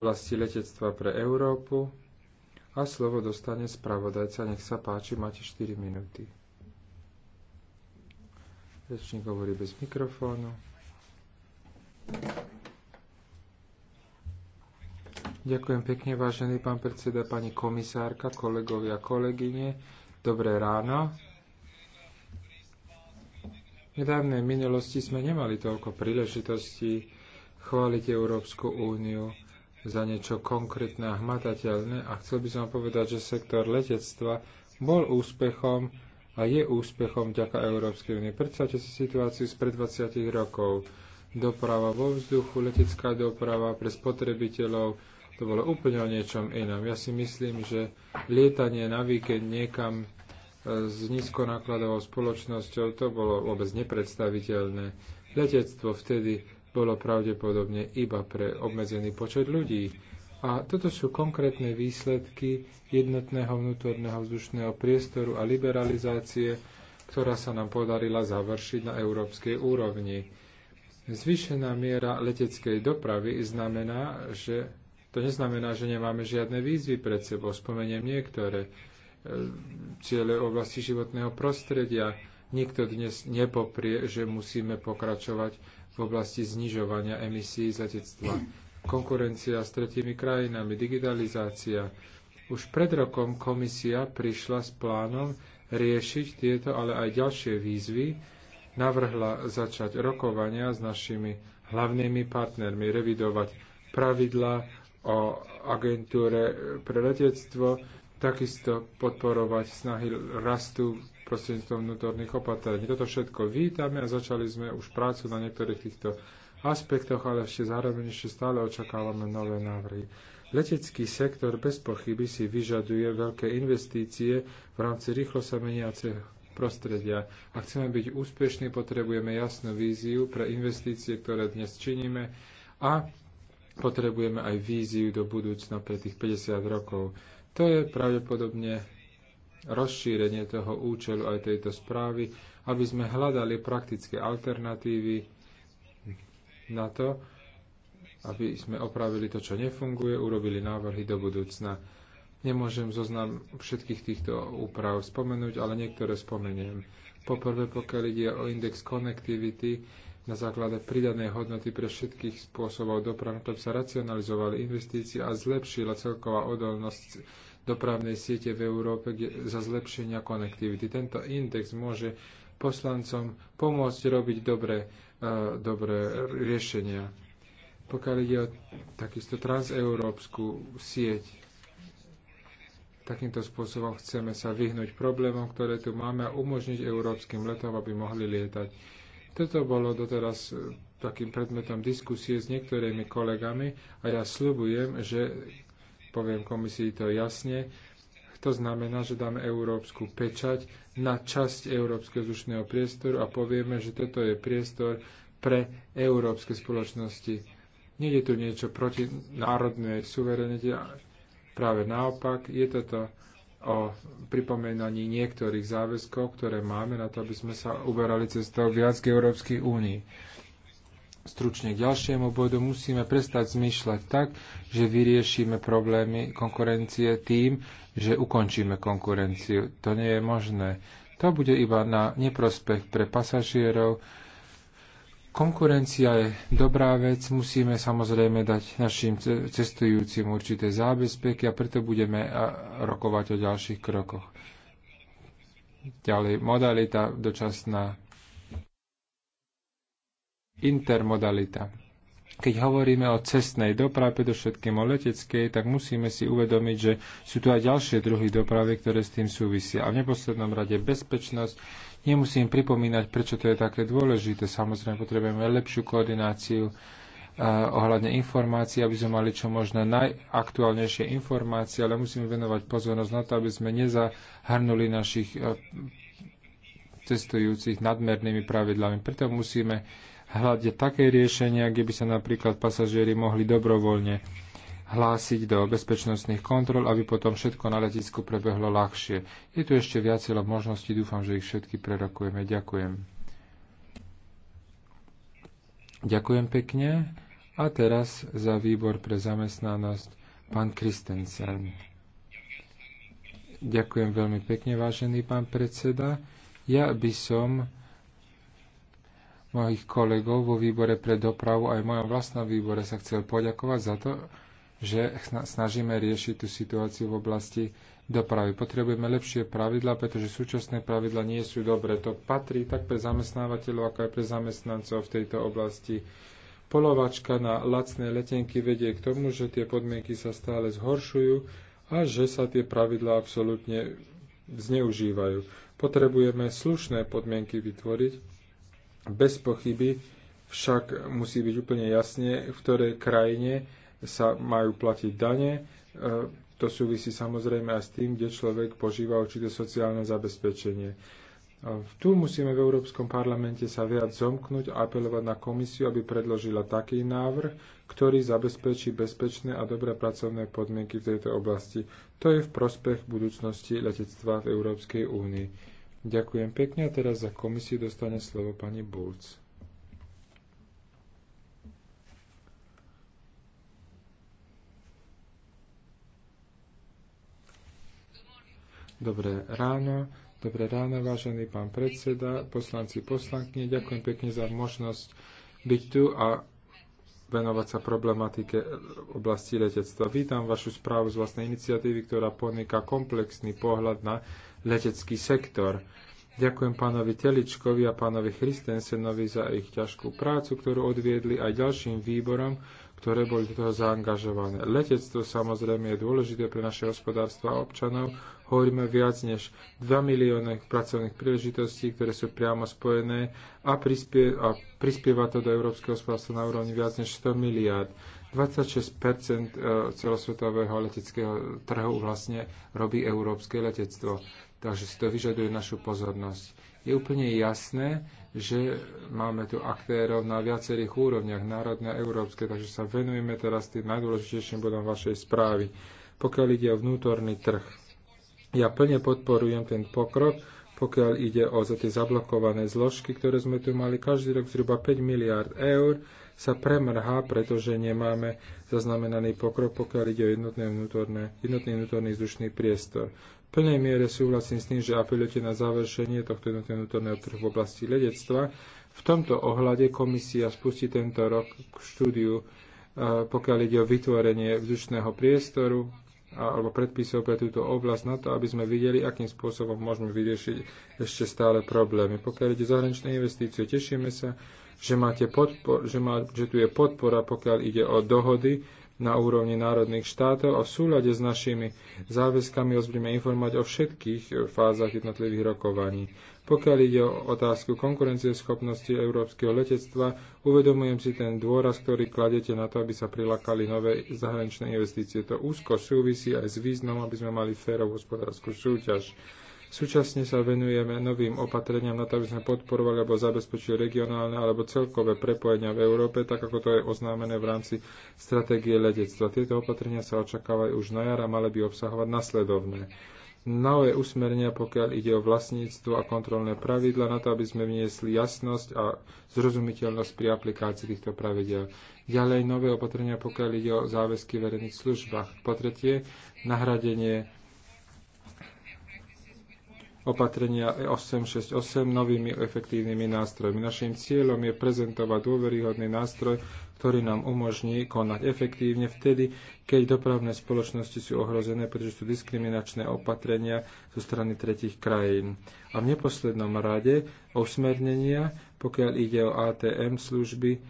oblasti letectva pre Európu a slovo dostane spravodajca. Nech sa páči, máte 4 minúty. Rečník hovorí bez mikrofónu. Ďakujem pekne, vážený pán predseda, pani komisárka, kolegovia, kolegyne. Dobré ráno. V nedávnej minulosti sme nemali toľko príležitostí chváliť Európsku úniu za niečo konkrétne a hmatateľné a chcel by som povedať, že sektor letectva bol úspechom a je úspechom vďaka Európskej únie. Predstavte si situáciu z pred 20 rokov. Doprava vo vzduchu, letecká doprava pre spotrebiteľov, to bolo úplne o niečom inom. Ja si myslím, že lietanie na víkend niekam e, s nízkonákladovou spoločnosťou, to bolo vôbec nepredstaviteľné. Letectvo vtedy bolo pravdepodobne iba pre obmedzený počet ľudí. A toto sú konkrétne výsledky jednotného vnútorného vzdušného priestoru a liberalizácie, ktorá sa nám podarila završiť na európskej úrovni. Zvýšená miera leteckej dopravy znamená, že to neznamená, že nemáme žiadne výzvy pred sebou. Spomeniem niektoré e, ciele oblasti životného prostredia. Nikto dnes nepoprie, že musíme pokračovať v oblasti znižovania emisí z letectva. Konkurencia s tretími krajinami, digitalizácia. Už pred rokom komisia prišla s plánom riešiť tieto, ale aj ďalšie výzvy. Navrhla začať rokovania s našimi hlavnými partnermi, revidovať pravidla o agentúre pre letectvo, takisto podporovať snahy rastu prostredníctvom vnútorných opatrení. Toto všetko vítame a začali sme už prácu na niektorých týchto aspektoch, ale ešte zároveň ešte stále očakávame nové návrhy. Letecký sektor bez pochyby si vyžaduje veľké investície v rámci rýchlo sa meniaceho prostredia. Ak chceme byť úspešní, potrebujeme jasnú víziu pre investície, ktoré dnes činíme a potrebujeme aj víziu do budúcna pre tých 50 rokov. To je pravdepodobne rozšírenie toho účelu aj tejto správy, aby sme hľadali praktické alternatívy na to, aby sme opravili to, čo nefunguje, urobili návrhy do budúcna. Nemôžem zoznam všetkých týchto úprav spomenúť, ale niektoré spomeniem. Poprvé, pokiaľ ide o index connectivity, na základe pridanej hodnoty pre všetkých spôsobov dopravy, to sa racionalizovali investície a zlepšila celková odolnosť dopravnej siete v Európe za zlepšenia konektivity. Tento index môže poslancom pomôcť robiť dobré, e, dobré riešenia. Pokiaľ ide o takisto transeurópsku sieť, takýmto spôsobom chceme sa vyhnúť problémom, ktoré tu máme a umožniť európskym letom, aby mohli lietať. Toto bolo doteraz e, takým predmetom diskusie s niektorými kolegami a ja slubujem, že poviem komisii to jasne, to znamená, že dáme európsku pečať na časť európskeho vzdušného priestoru a povieme, že toto je priestor pre európske spoločnosti. Nie je tu niečo proti národnej suverenite, práve naopak, je toto o pripomenaní niektorých záväzkov, ktoré máme na to, aby sme sa uberali cestou viac k Európskej únii stručne k ďalšiemu bodu, musíme prestať zmýšľať tak, že vyriešime problémy konkurencie tým, že ukončíme konkurenciu. To nie je možné. To bude iba na neprospech pre pasažierov. Konkurencia je dobrá vec, musíme samozrejme dať našim cestujúcim určité zábezpeky a preto budeme rokovať o ďalších krokoch. Ďalej, modalita dočasná intermodalita. Keď hovoríme o cestnej doprave, predovšetkým o leteckej, tak musíme si uvedomiť, že sú tu aj ďalšie druhy dopravy, ktoré s tým súvisia. A v neposlednom rade bezpečnosť. Nemusím pripomínať, prečo to je také dôležité. Samozrejme, potrebujeme lepšiu koordináciu eh, ohľadne informácií, aby sme mali čo možno najaktuálnejšie informácie, ale musíme venovať pozornosť na to, aby sme nezahrnuli našich eh, cestujúcich nadmernými pravidlami. Preto musíme hľadať také riešenia, kde by sa napríklad pasažieri mohli dobrovoľne hlásiť do bezpečnostných kontrol, aby potom všetko na letisku prebehlo ľahšie. Je tu ešte viacero možností, dúfam, že ich všetky prerokujeme. Ďakujem. Ďakujem pekne. A teraz za výbor pre zamestnanosť pán Kristensen. Ďakujem veľmi pekne, vážený pán predseda. Ja by som mojich kolegov vo výbore pre dopravu aj v mojom vlastnom výbore sa chcel poďakovať za to, že snažíme riešiť tú situáciu v oblasti dopravy. Potrebujeme lepšie pravidla, pretože súčasné pravidla nie sú dobré. To patrí tak pre zamestnávateľov, ako aj pre zamestnancov v tejto oblasti. Polovačka na lacné letenky vedie k tomu, že tie podmienky sa stále zhoršujú a že sa tie pravidlá absolútne zneužívajú. Potrebujeme slušné podmienky vytvoriť, bez pochyby však musí byť úplne jasne, v ktorej krajine sa majú platiť dane. E, to súvisí samozrejme aj s tým, kde človek požíva určité sociálne zabezpečenie. E, tu musíme v Európskom parlamente sa viac zomknúť a apelovať na komisiu, aby predložila taký návrh, ktorý zabezpečí bezpečné a dobré pracovné podmienky v tejto oblasti. To je v prospech budúcnosti letectva v Európskej únii. Ďakujem pekne a teraz za komisiu dostane slovo pani Bulc. Dobré ráno, dobré ráno, vážený pán predseda, poslanci, poslankyne. Ďakujem pekne za možnosť byť tu a venovať sa problematike oblasti letectva. Vítam vašu správu z vlastnej iniciatívy, ktorá ponúka komplexný pohľad na letecký sektor. Ďakujem pánovi Teličkovi a pánovi Christensenovi za ich ťažkú prácu, ktorú odviedli aj ďalším výborom, ktoré boli do toho zaangažované. Letectvo samozrejme je dôležité pre naše hospodárstvo a občanov. Hovoríme viac než 2 milióny pracovných príležitostí, ktoré sú priamo spojené a, prispie, a prispieva to do európskeho hospodárstva na úrovni viac než 100 miliárd. 26 e, celosvetového leteckého trhu vlastne robí európske letectvo takže si to vyžaduje našu pozornosť. Je úplne jasné, že máme tu aktérov na viacerých úrovniach, národné a európske, takže sa venujeme teraz tým najdôležitejším bodom vašej správy. Pokiaľ ide o vnútorný trh, ja plne podporujem ten pokrok, pokiaľ ide o tie zablokované zložky, ktoré sme tu mali každý rok zhruba 5 miliard eur, sa premrhá, pretože nemáme zaznamenaný pokrok, pokiaľ ide o jednotné vnútorné, jednotný vnútorný vzdušný priestor. V plnej miere súhlasím s tým, že apelujete na završenie tohto jednotného vnútorného trhu v oblasti ledectva. V tomto ohľade komisia spustí tento rok k štúdiu, e, pokiaľ ide o vytvorenie vzdušného priestoru, alebo predpisov pre túto oblasť na to, aby sme videli, akým spôsobom môžeme vyriešiť ešte stále problémy. Pokiaľ ide zahraničné investície, tešíme sa, že, máte podpor, že, má, že tu je podpora, pokiaľ ide o dohody na úrovni národných štátov a v súľade s našimi záväzkami vás budeme informovať o všetkých e, fázach jednotlivých rokovaní. Pokiaľ ide o otázku konkurencieschopnosti európskeho letectva, uvedomujem si ten dôraz, ktorý kladete na to, aby sa prilakali nové zahraničné investície. To úzko súvisí aj s významom, aby sme mali férovú hospodárskú súťaž. Súčasne sa venujeme novým opatreniam na to, aby sme podporovali alebo zabezpečili regionálne alebo celkové prepojenia v Európe, tak ako to je oznámené v rámci stratégie letectva. Tieto opatrenia sa očakávajú už na jar a mali by obsahovať nasledovné nové usmernia, pokiaľ ide o vlastníctvo a kontrolné pravidla, na to, aby sme vniesli jasnosť a zrozumiteľnosť pri aplikácii týchto pravidel. Ďalej nové opatrenia, pokiaľ ide o záväzky v verejných službách. Po tretie, nahradenie opatrenia 868 e novými efektívnymi nástrojmi. Našim cieľom je prezentovať dôveryhodný nástroj, ktorý nám umožní konať efektívne vtedy, keď dopravné spoločnosti sú ohrozené, pretože sú diskriminačné opatrenia zo strany tretich krajín. A v neposlednom rade usmernenia, pokiaľ ide o ATM služby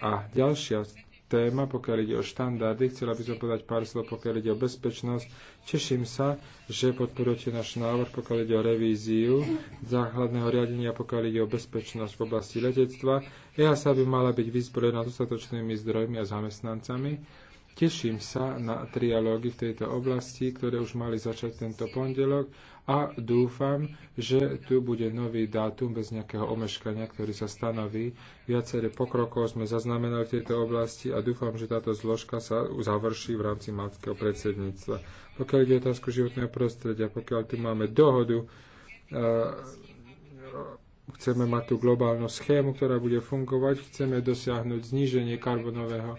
a ďalšia téma, pokiaľ ide o štandardy. Chcela by som povedať pár slov, pokiaľ ide o bezpečnosť. Teším sa, že podporujete náš návrh, pokiaľ ide o revíziu základného riadenia, pokiaľ ide o bezpečnosť v oblasti letectva. ja e sa by mala byť vyzbrojená dostatočnými zdrojmi a zamestnancami. Teším sa na trialógy v tejto oblasti, ktoré už mali začať tento pondelok a dúfam, že tu bude nový dátum bez nejakého omeškania, ktorý sa stanoví. Viacere pokrokov sme zaznamenali v tejto oblasti a dúfam, že táto zložka sa završí v rámci maltského predsedníctva. Pokiaľ ide otázku životného prostredia, pokiaľ tu máme dohodu, eh, chceme mať tú globálnu schému, ktorá bude fungovať, chceme dosiahnuť zníženie karbonového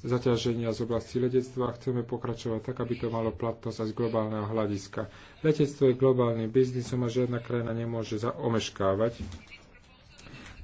zaťaženia z oblasti letectva a chceme pokračovať tak, aby to malo platnosť aj z globálneho hľadiska. Letectvo je globálnym biznisom a žiadna krajina nemôže omeškávať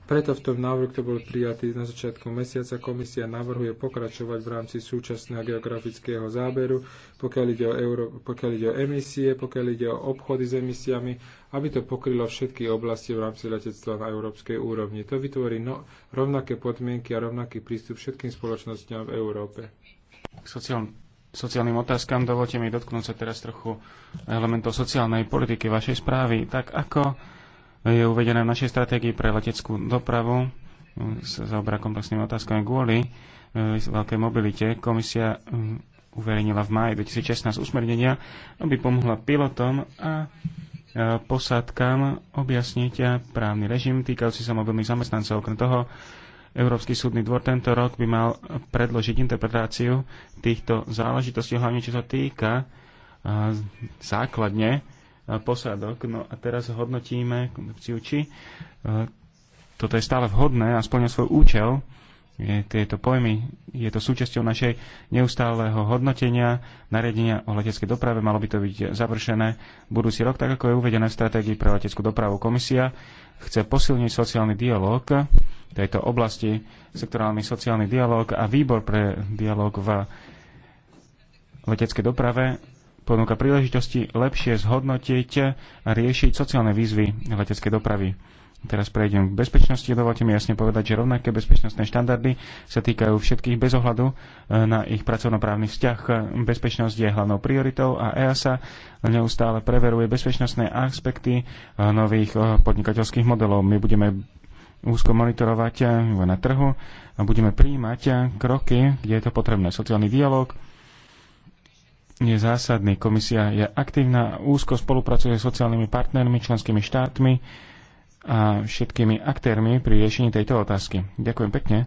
preto v tom návrhu, ktorý bol prijatý na začiatku mesiaca, komisia navrhuje pokračovať v rámci súčasného geografického záberu, pokiaľ ide o, euro, pokiaľ ide o emisie, pokiaľ ide o obchody s emisiami, aby to pokrylo všetky oblasti v rámci letectva na európskej úrovni. To vytvorí no, rovnaké podmienky a rovnaký prístup všetkým spoločnostiam v Európe. K sociál, sociálnym otázkam dovolte mi dotknúť sa teraz trochu elementov sociálnej politiky vašej správy. Tak ako je uvedené v našej stratégii pre leteckú dopravu, sa zaoberá komplexným otázkami kvôli e, veľkej mobilite. Komisia uverejnila v máji 2016 usmernenia, aby pomohla pilotom a e, posádkam objasniť právny režim týkajúci sa mobilných zamestnancov. Okrem toho, Európsky súdny dvor tento rok by mal predložiť interpretáciu týchto záležitostí, hlavne čo sa týka e, základne posádok. No a teraz hodnotíme koncepciu, či e, toto je stále vhodné a splňa svoj účel. Je, tieto pojmy, je to súčasťou našej neustáleho hodnotenia, nariadenia o leteckej doprave, malo by to byť završené budúci rok, tak ako je uvedené v stratégii pre leteckú dopravu. Komisia chce posilniť sociálny dialog tejto oblasti, sektorálny sociálny dialog a výbor pre dialog v leteckej doprave ponúka príležitosti lepšie zhodnotiť a riešiť sociálne výzvy leteckej dopravy. Teraz prejdem k bezpečnosti. Dovolte mi jasne povedať, že rovnaké bezpečnostné štandardy sa týkajú všetkých bez ohľadu e, na ich pracovnoprávny vzťah. Bezpečnosť je hlavnou prioritou a EASA neustále preveruje bezpečnostné aspekty e, nových e, podnikateľských modelov. My budeme úzko monitorovať na trhu a budeme prijímať kroky, kde je to potrebné. Sociálny dialog, je zásadný. Komisia je aktívna, úzko spolupracuje s sociálnymi partnermi, členskými štátmi a všetkými aktérmi pri riešení tejto otázky. Ďakujem pekne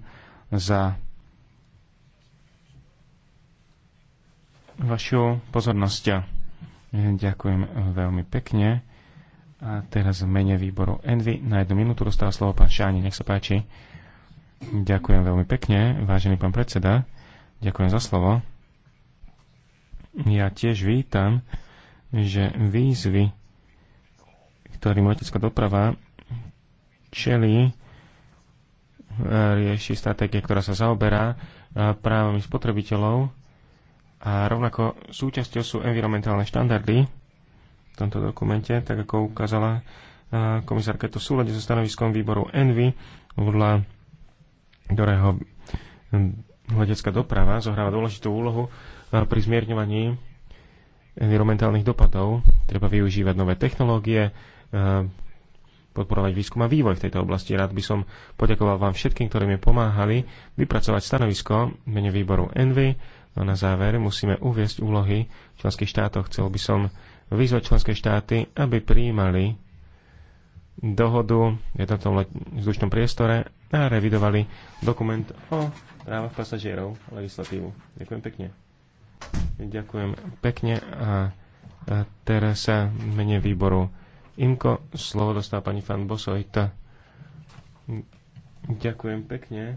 za vašu pozornosť. Ďakujem veľmi pekne. A teraz v mene výboru Envy na jednu minútu dostáva slovo pán Šáni. Nech sa páči. Ďakujem veľmi pekne, vážený pán predseda. Ďakujem za slovo. Ja tiež vítam, že výzvy, ktorým letecká doprava čelí, e, rieši stratégie, ktorá sa zaoberá e, právami spotrebiteľov a rovnako súčasťou sú environmentálne štandardy v tomto dokumente, tak ako ukázala e, komisárka to v súlade so stanoviskom výboru Envy, podľa ktorého letecká doprava zohráva dôležitú úlohu pri zmierňovaní environmentálnych dopadov. Treba využívať nové technológie, e, podporovať výskum a vývoj v tejto oblasti. Rád by som poďakoval vám všetkým, ktorí mi pomáhali vypracovať stanovisko mene výboru Envy. No na záver musíme uviesť úlohy v členských štátoch. Chcel by som vyzvať členské štáty, aby prijímali dohodu v jednotnom vzdušnom priestore a revidovali dokument o právach pasažierov legislatívu. Ďakujem pekne. Ďakujem pekne a teraz sa mene výboru Imko, slovo dostá pani Fan Bosojta. Ďakujem pekne.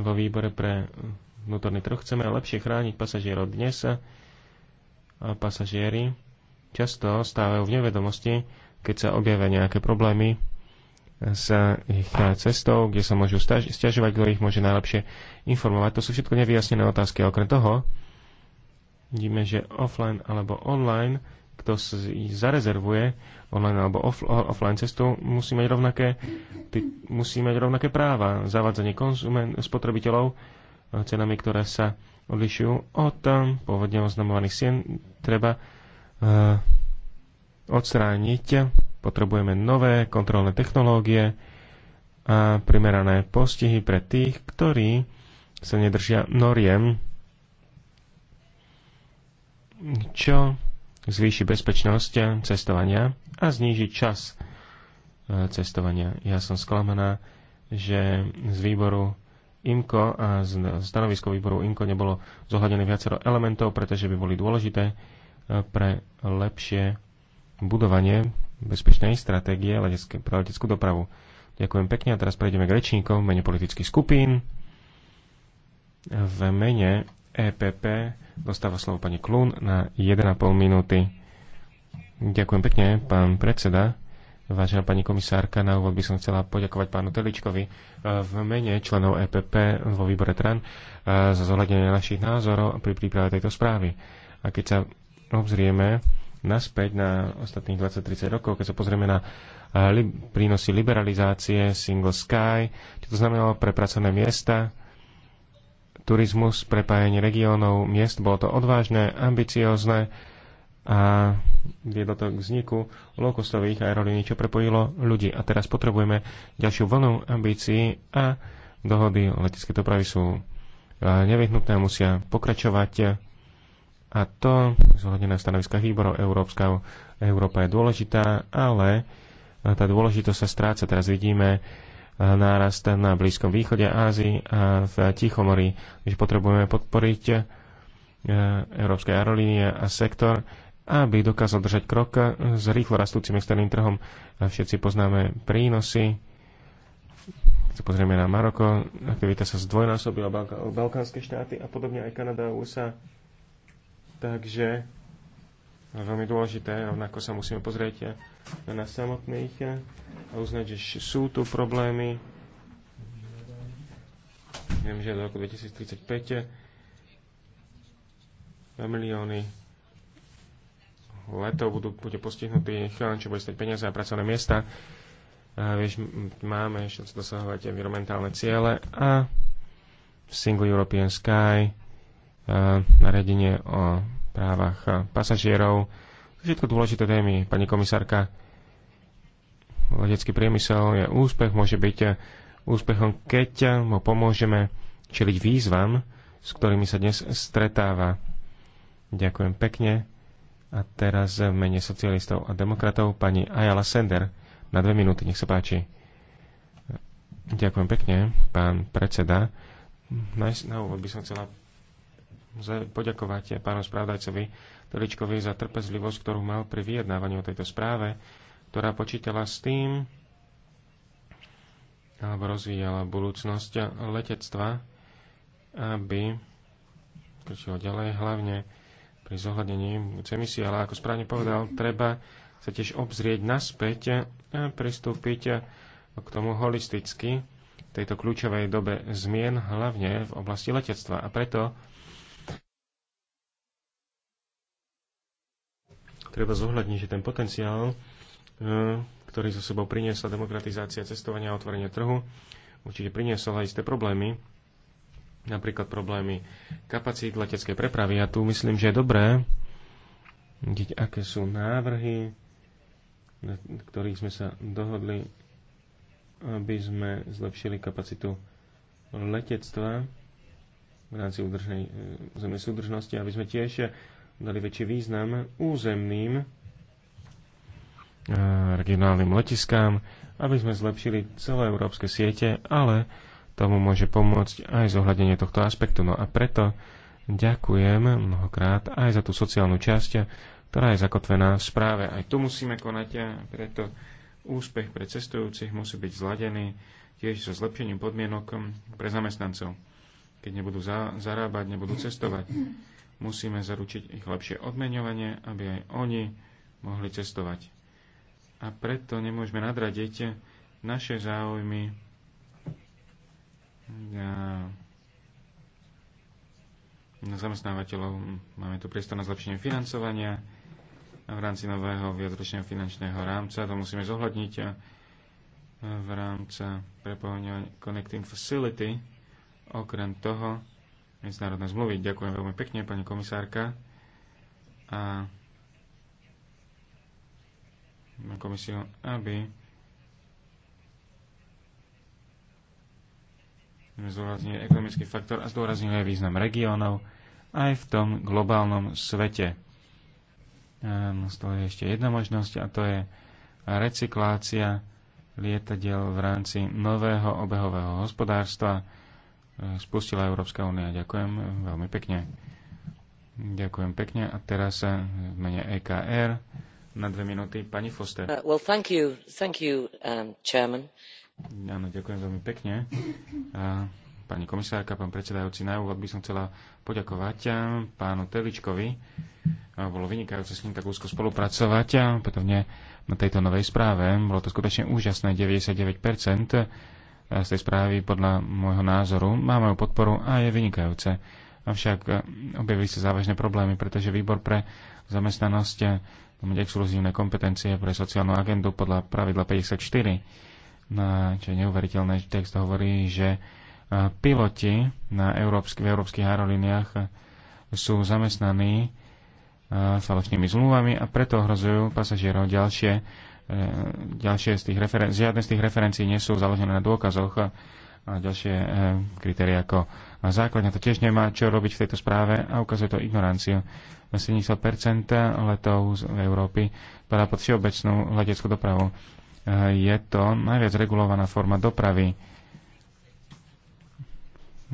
Vo výbore pre vnútorný trh chceme lepšie chrániť pasažierov dnes a pasažieri často stávajú v nevedomosti, keď sa objavia nejaké problémy s ich eh, cestou, kde sa môžu stiažovať, kto ich môže najlepšie informovať. To sú všetko nevyjasnené otázky. A okrem toho, vidíme, že offline alebo online, kto si zarezervuje online alebo off, offline cestu, musí mať rovnaké, musí mať rovnaké práva. Zavádzanie konzumen, spotrebiteľov eh, cenami, ktoré sa odlišujú od eh, pôvodne oznamovaných sien, treba uh, odstrániť Potrebujeme nové kontrolné technológie a primerané postihy pre tých, ktorí sa nedržia noriem, čo zvýši bezpečnosť cestovania a zníži čas e, cestovania. Ja som sklamaná, že z výboru IMCO a z stanovisko výboru IMCO nebolo zohľadené viacero elementov, pretože by boli dôležité e, pre lepšie budovanie bezpečnej stratégie letecké, pre leteckú dopravu. Ďakujem pekne a teraz prejdeme k rečníkom v mene politických skupín. V mene EPP dostáva slovo pani Klun na 1,5 minúty. Ďakujem pekne, pán predseda. Vážená pani komisárka, na úvod by som chcela poďakovať pánu Teličkovi e, v mene členov EPP vo výbore TRAN e, za zohľadenie našich názorov pri príprave tejto správy. A keď sa obzrieme naspäť na ostatných 20-30 rokov, keď sa pozrieme na li, prínosy liberalizácie, single sky, čo to znamenalo pre pracovné miesta, turizmus, prepájanie regiónov, miest, bolo to odvážne, ambiciozne a viedlo to k vzniku low-costových čo prepojilo ľudí. A teraz potrebujeme ďalšiu vlnu ambícií a dohody o letecké dopravy sú nevyhnutné, musia pokračovať a to zohľadne na stanoviska výborov Európska, Európa je dôležitá, ale e, tá dôležitosť sa stráca. Teraz vidíme e, nárast na Blízkom východe Ázii a v Tichomorí, že potrebujeme podporiť e, európske aerolínie a sektor, aby dokázal držať krok s rýchlo rastúcim externým trhom. Všetci poznáme prínosy. Keď sa pozrieme na Maroko, aktivita sa zdvojnásobila, balkánske štáty a podobne aj Kanada a USA Takže veľmi dôležité, rovnako sa musíme pozrieť na nás samotných a uznať, že sú tu problémy. Viem, že do roku 2035 milióny letov budú, bude postihnutý chrán, čo bude stať peniaze a pracovné miesta. A vieš, máme ešte dosahovať environmentálne ciele a Single European Sky, nariadenie o právach eh, pasažierov. Všetko dôležité témy, pani komisárka. Letecký priemysel je úspech, môže byť eh, úspechom, keď eh, mu pomôžeme čeliť výzvam, s ktorými sa dnes stretáva. Ďakujem pekne. A teraz v mene socialistov a demokratov pani Ayala Sender na dve minúty, nech sa páči. Ďakujem pekne, pán predseda. Na úvod by som chcela poďakovať pánu správdajcovi Teličkovi za trpezlivosť, ktorú mal pri vyjednávaní o tejto správe, ktorá počítala s tým, alebo rozvíjala budúcnosť letectva, aby kričilo ďalej, hlavne pri zohľadení emisí, ale ako správne povedal, treba sa tiež obzrieť naspäť a pristúpiť k tomu holisticky v tejto kľúčovej dobe zmien, hlavne v oblasti letectva. A preto treba zohľadniť, že ten potenciál, e, ktorý so sebou priniesla demokratizácia cestovania a otvorenia trhu, určite priniesol aj isté problémy, napríklad problémy kapacít leteckej prepravy. A tu myslím, že je dobré vidieť, aké sú návrhy, na ktorých sme sa dohodli, aby sme zlepšili kapacitu letectva v rámci udržnej, e, zemnej súdržnosti, aby sme tiež dali väčší význam územným e, regionálnym letiskám, aby sme zlepšili celé európske siete, ale tomu môže pomôcť aj zohľadenie tohto aspektu. No a preto ďakujem mnohokrát aj za tú sociálnu časť, ktorá je zakotvená v správe. Aj tu musíme konať a preto úspech pre cestujúcich musí byť zladený tiež so zlepšením podmienok pre zamestnancov. Keď nebudú za- zarábať, nebudú cestovať. Musíme zaručiť ich lepšie odmeňovanie, aby aj oni mohli cestovať. A preto nemôžeme nadradiť naše záujmy na, na zamestnávateľov. Máme tu priestor na zlepšenie financovania a v rámci nového viacročného finančného rámca. To musíme zohľadniť a v rámca prepohovania Connecting Facility. Okrem toho medzinárodné zmluvy. Ďakujem veľmi pekne, pani komisárka. A na komisiu, aby zdôraznil ekonomický faktor a zdôrazňuje význam regiónov aj v tom globálnom svete. To je ešte jedna možnosť a to je recyklácia lietadiel v rámci nového obehového hospodárstva, Eh, spustila Európska únia. Ďakujem eh, veľmi pekne. Ďakujem pekne. A teraz eh, v mene EKR na dve minúty pani Foster. Uh, well, thank you, thank you, um, chairman. Áno, ďakujem veľmi pekne. A pani komisárka, pán predsedajúci, na úvod by som chcela poďakovať pánu Teličkovi. Bolo vynikajúce s ním tak úzko spolupracovať a opätovne na tejto novej správe. Bolo to skutočne úžasné, 99% E, z tej správy podľa môjho názoru má moju podporu a je vynikajúce. Avšak e, objavili sa závažné problémy, pretože výbor pre zamestnanosť e, má mať exkluzívne kompetencie pre sociálnu agendu podľa pravidla 54. Na, no čo je neuveriteľné, text hovorí, že piloti na európsky, v európskych aerolíniách sú zamestnaní falošnými zmluvami a preto ohrozujú pasažierov ďalšie E, ďalšie z tých referen- žiadne z tých referencií nie sú založené na dôkazoch a ďalšie e, kritéria ako základňa. To tiež nemá čo robiť v tejto správe a ukazuje to ignoranciu. 70% letov z Európy padá pod všeobecnú leteckú dopravu. E, je to najviac regulovaná forma dopravy.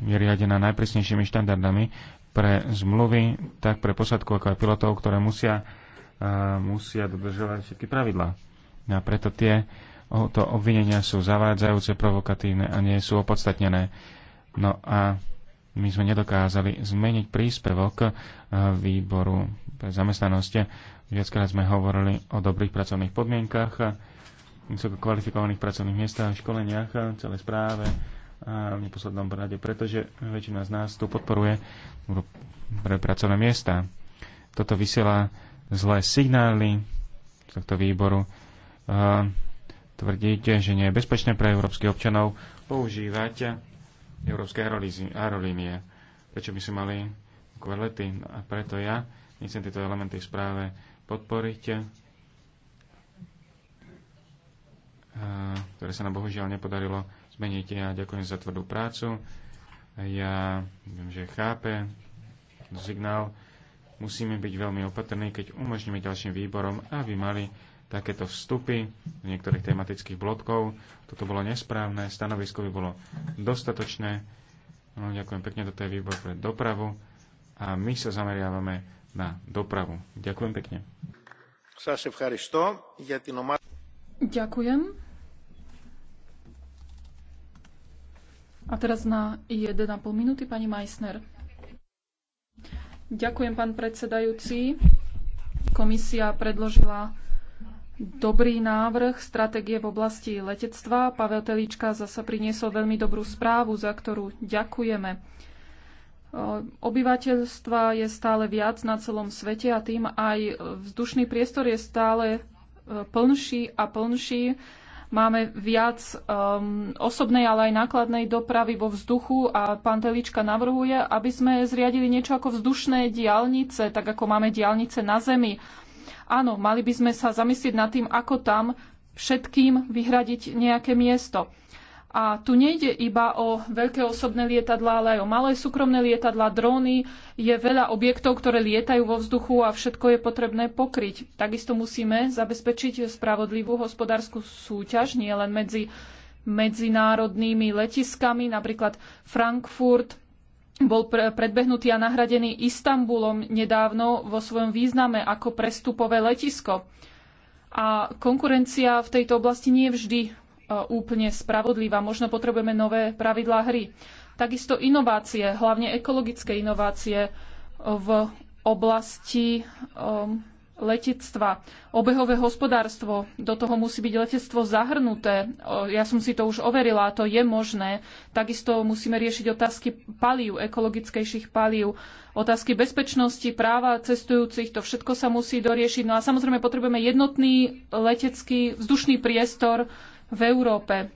Je riadená najprísnejšími štandardami pre zmluvy, tak pre posadku, ako aj pilotov, ktoré musia, musia dodržovať všetky pravidlá No a preto tie to obvinenia sú zavádzajúce, provokatívne a nie sú opodstatnené. No a my sme nedokázali zmeniť príspevok e, výboru pre zamestnanosť. Viackrát sme hovorili o dobrých pracovných podmienkach, vysoko kvalifikovaných pracovných miestach, školeniach, celej správe a v neposlednom rade, pretože väčšina z nás tu podporuje pre pracovné miesta. Toto vysiela zlé signály z tohto výboru tvrdíte, že nie je bezpečné pre európskych občanov používať európske aerolínie. Prečo by si mali kvality? A preto ja nechcem tieto elementy v správe podporiť, ktoré sa nám bohužiaľ nepodarilo zmeniť. Ja ďakujem za tvrdú prácu. Ja viem, že chápe signál. Musíme byť veľmi opatrní, keď umožníme ďalším výborom, aby mali takéto vstupy v niektorých tematických blokov. Toto bolo nesprávne, stanovisko by bolo dostatočné. No, ďakujem pekne, toto je výbor pre dopravu a my sa zameriavame na dopravu. Ďakujem pekne. Ďakujem. A teraz na 1,5 minúty pani Meissner. Ďakujem, pán predsedajúci. Komisia predložila dobrý návrh stratégie v oblasti letectva. Pavel Telička zase priniesol veľmi dobrú správu, za ktorú ďakujeme. E, obyvateľstva je stále viac na celom svete a tým aj vzdušný priestor je stále e, plnší a plnší. Máme viac um, osobnej, ale aj nákladnej dopravy vo vzduchu a pán Telička navrhuje, aby sme zriadili niečo ako vzdušné diálnice, tak ako máme diálnice na Zemi. Uh, Áno, mali by sme sa zamyslieť nad tým, ako tam všetkým vyhradiť nejaké miesto. A tu nejde iba o veľké osobné lietadlá, ale aj o malé súkromné lietadlá, dróny. Je veľa objektov, ktoré lietajú vo vzduchu a všetko je potrebné pokryť. Takisto musíme zabezpečiť spravodlivú hospodárskú súťaž, nie len medzi medzinárodnými letiskami, napríklad Frankfurt, bol predbehnutý a nahradený Istanbulom nedávno vo svojom význame ako prestupové letisko. A konkurencia v tejto oblasti nie je vždy e, úplne spravodlivá. Možno potrebujeme nové pravidlá hry. Takisto inovácie, hlavne ekologické inovácie v oblasti um, letectva. Obehové hospodárstvo, do toho musí byť letectvo zahrnuté. Ja som si to už overila, a to je možné. Takisto musíme riešiť otázky palív, ekologickejších palív, otázky bezpečnosti, práva cestujúcich, to všetko sa musí doriešiť. No a samozrejme potrebujeme jednotný letecký vzdušný priestor v Európe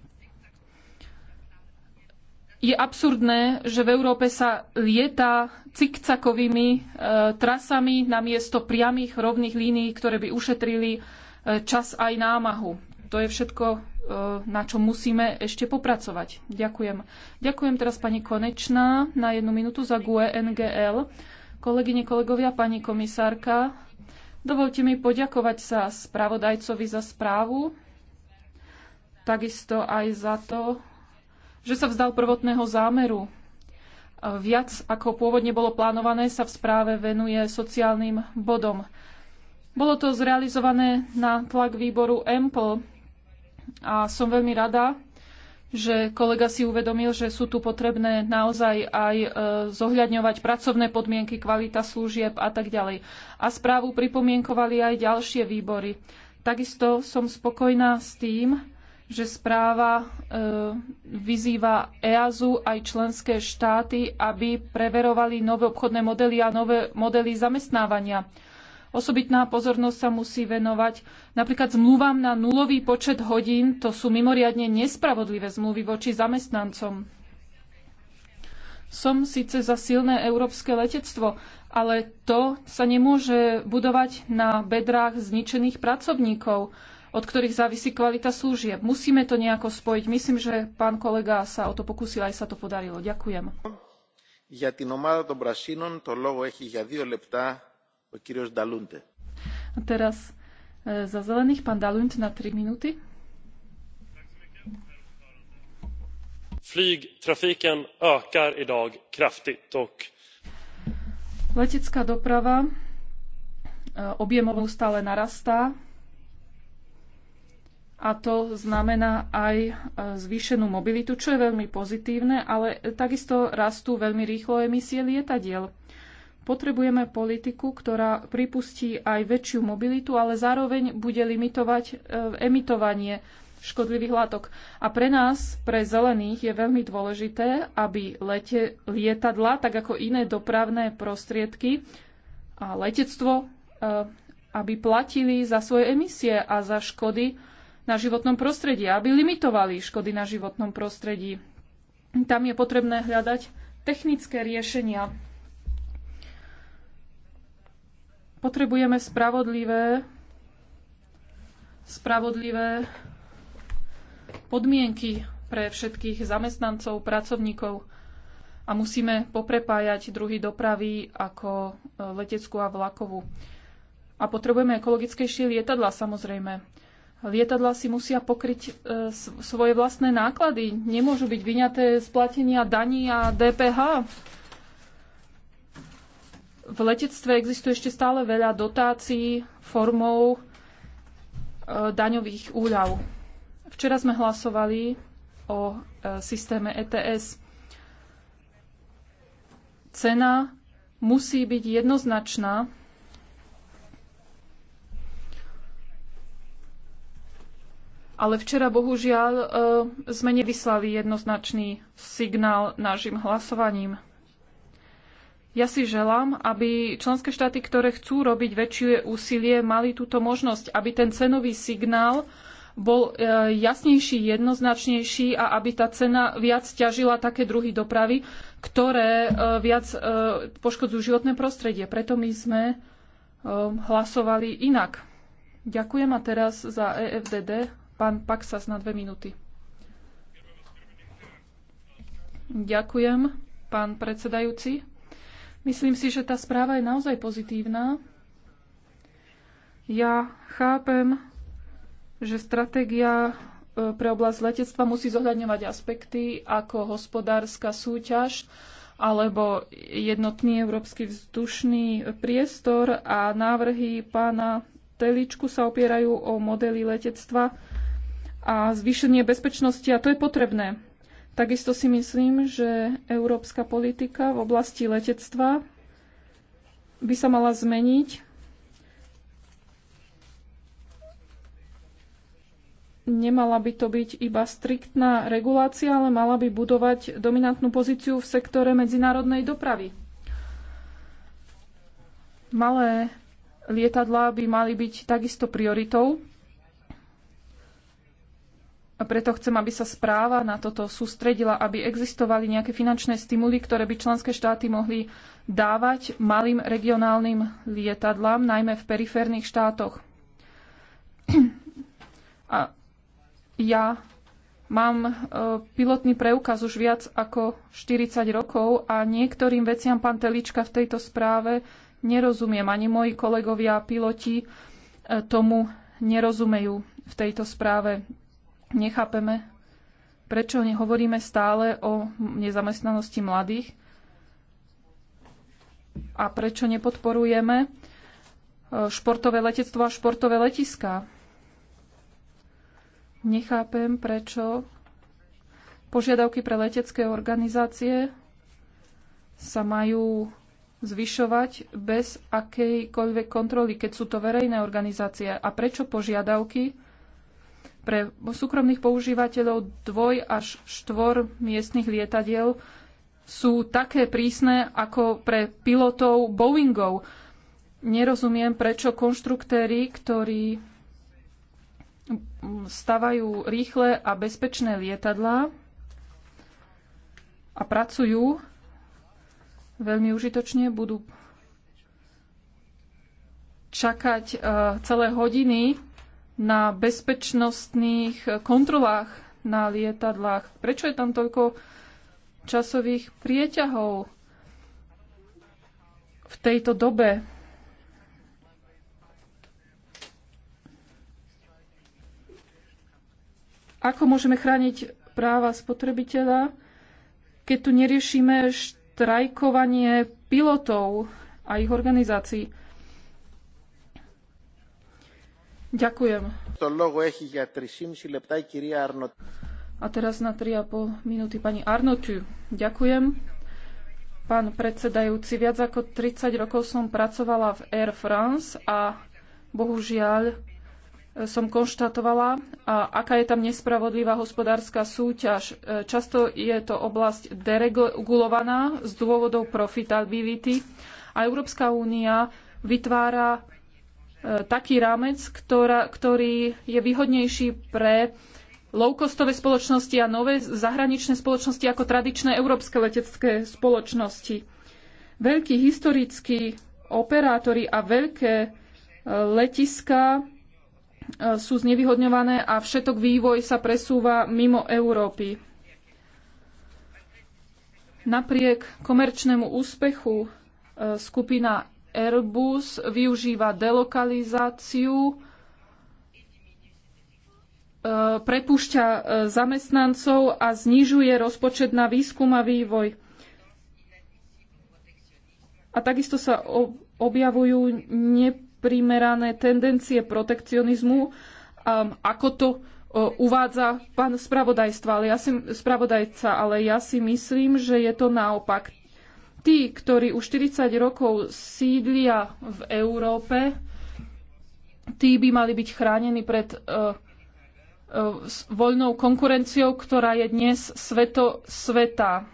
je absurdné, že v Európe sa lieta cikcakovými e, trasami namiesto priamých rovných línií, ktoré by ušetrili e, čas aj námahu. To je všetko, e, na čo musíme ešte popracovať. Ďakujem. Ďakujem teraz pani Konečná na jednu minútu za GUE NGL. Kolegyne, kolegovia, pani komisárka, dovolte mi poďakovať sa spravodajcovi za správu, takisto aj za to, že sa vzdal prvotného zámeru. E, viac ako pôvodne bolo plánované sa v správe venuje sociálnym bodom. Bolo to zrealizované na tlak výboru EMPL a som veľmi rada, že kolega si uvedomil, že sú tu potrebné naozaj aj e, zohľadňovať pracovné podmienky, kvalita služieb a tak ďalej. A správu pripomienkovali aj ďalšie výbory. Takisto som spokojná s tým, že správa e, vyzýva EASu aj členské štáty, aby preverovali nové obchodné modely a nové modely zamestnávania. Osobitná pozornosť sa musí venovať napríklad zmluvám na nulový počet hodín. To sú mimoriadne nespravodlivé zmluvy voči zamestnancom. Som síce za silné európske letectvo, ale to sa nemôže budovať na bedrách zničených pracovníkov od ktorých závisí kvalita služieb. Musíme to nejako spojiť. Myslím, že pán kolega sa o to pokusil, aj sa to podarilo. Ďakujem. Για την ομάδα των Πρασίνων το λόγο έχει για δύο λεπτά ο κύριος Νταλούντε. Teraz za zelených pán Dalunt na 3 minúty. Flygtrafiken ökar idag kraftigt och Letecká doprava e, objemovo stále narastá a to znamená aj e, zvýšenú mobilitu, čo je veľmi pozitívne, ale takisto rastú veľmi rýchlo emisie lietadiel. Potrebujeme politiku, ktorá pripustí aj väčšiu mobilitu, ale zároveň bude limitovať e, emitovanie škodlivých látok. A pre nás, pre zelených, je veľmi dôležité, aby lete, lietadla, tak ako iné dopravné prostriedky a letectvo, e, aby platili za svoje emisie a za škody, na životnom prostredí, aby limitovali škody na životnom prostredí. Tam je potrebné hľadať technické riešenia. Potrebujeme spravodlivé, spravodlivé podmienky pre všetkých zamestnancov, pracovníkov a musíme poprepájať druhy dopravy ako e, leteckú a vlakovú. A potrebujeme ekologickejšie lietadla samozrejme. Lietadla si musia pokryť e, svoje vlastné náklady. Nemôžu byť vyňaté z platenia daní a DPH. V letectve existuje ešte stále veľa dotácií formou e, daňových úľav. Včera sme hlasovali o e, systéme ETS. Cena musí byť jednoznačná Ale včera bohužiaľ e, sme nevyslali jednoznačný signál našim hlasovaním. Ja si želám, aby členské štáty, ktoré chcú robiť väčšie úsilie, mali túto možnosť, aby ten cenový signál bol e, jasnejší, jednoznačnejší a aby tá cena viac ťažila také druhy dopravy, ktoré e, viac poškodzujú životné prostredie. Preto my sme hlasovali inak. Ďakujem a teraz za EFDD Pán Paksas na dve minúty. Ďakujem, pán predsedajúci. Myslím si, že tá správa je naozaj pozitívna. Ja chápem, že stratégia e, pre oblasť letectva musí zohľadňovať aspekty ako hospodárska súťaž, alebo jednotný európsky vzdušný priestor a návrhy pána Teličku sa opierajú o modely letectva, a zvýšenie bezpečnosti a to je potrebné. Takisto si myslím, že európska politika v oblasti letectva by sa mala zmeniť. Nemala by to byť iba striktná regulácia, ale mala by budovať dominantnú pozíciu v sektore medzinárodnej dopravy. Malé lietadlá by mali byť takisto prioritou a preto chcem, aby sa správa na toto sústredila, aby existovali nejaké finančné stimuly, ktoré by členské štáty mohli dávať malým regionálnym lietadlám, najmä v periférnych štátoch. A ja mám e, pilotný preukaz už viac ako 40 rokov a niektorým veciam pán Telička v tejto správe nerozumiem. Ani moji kolegovia piloti e, tomu nerozumejú v tejto správe nechápeme, prečo nehovoríme stále o nezamestnanosti mladých a prečo nepodporujeme e, športové letectvo a športové letiská. Nechápem, prečo požiadavky pre letecké organizácie sa majú zvyšovať bez akejkoľvek kontroly, keď sú to verejné organizácie. A prečo požiadavky pre súkromných používateľov dvoj až štvor miestnych lietadiel sú také prísne ako pre pilotov Boeingov. Nerozumiem, prečo konštruktéry, ktorí stavajú rýchle a bezpečné lietadlá a pracujú veľmi užitočne, budú čakať eh, celé hodiny na bezpečnostných kontrolách na lietadlách. Prečo je tam toľko časových prieťahov v tejto dobe? Ako môžeme chrániť práva spotrebiteľa, keď tu neriešime štrajkovanie pilotov a ich organizácií? Ďakujem. A teraz na pol minúty pani Arnotu. Ďakujem. Pán predsedajúci, viac ako 30 rokov som pracovala v Air France a bohužiaľ e, som konštatovala, a aká je tam nespravodlivá hospodárska súťaž. E, často je to oblasť deregulovaná z dôvodov profitability a Európska únia vytvára taký rámec, ktorá, ktorý je výhodnejší pre low-costové spoločnosti a nové zahraničné spoločnosti ako tradičné európske letecké spoločnosti. Veľkí historickí operátori a veľké e, letiská e, sú znevýhodňované a všetok vývoj sa presúva mimo Európy. Napriek komerčnému úspechu e, skupina Airbus využíva delokalizáciu, e, prepúšťa e, zamestnancov a znižuje rozpočet na výskum a vývoj. A takisto sa objavujú neprimerané tendencie protekcionizmu, um, ako to uvádza pán spravodajstva, ale ja si, spravodajca, ale ja si myslím, že je to naopak tí, ktorí už 40 rokov sídlia v Európe, tí by mali byť chránení pred uh, uh, voľnou konkurenciou, ktorá je dnes sveto sveta.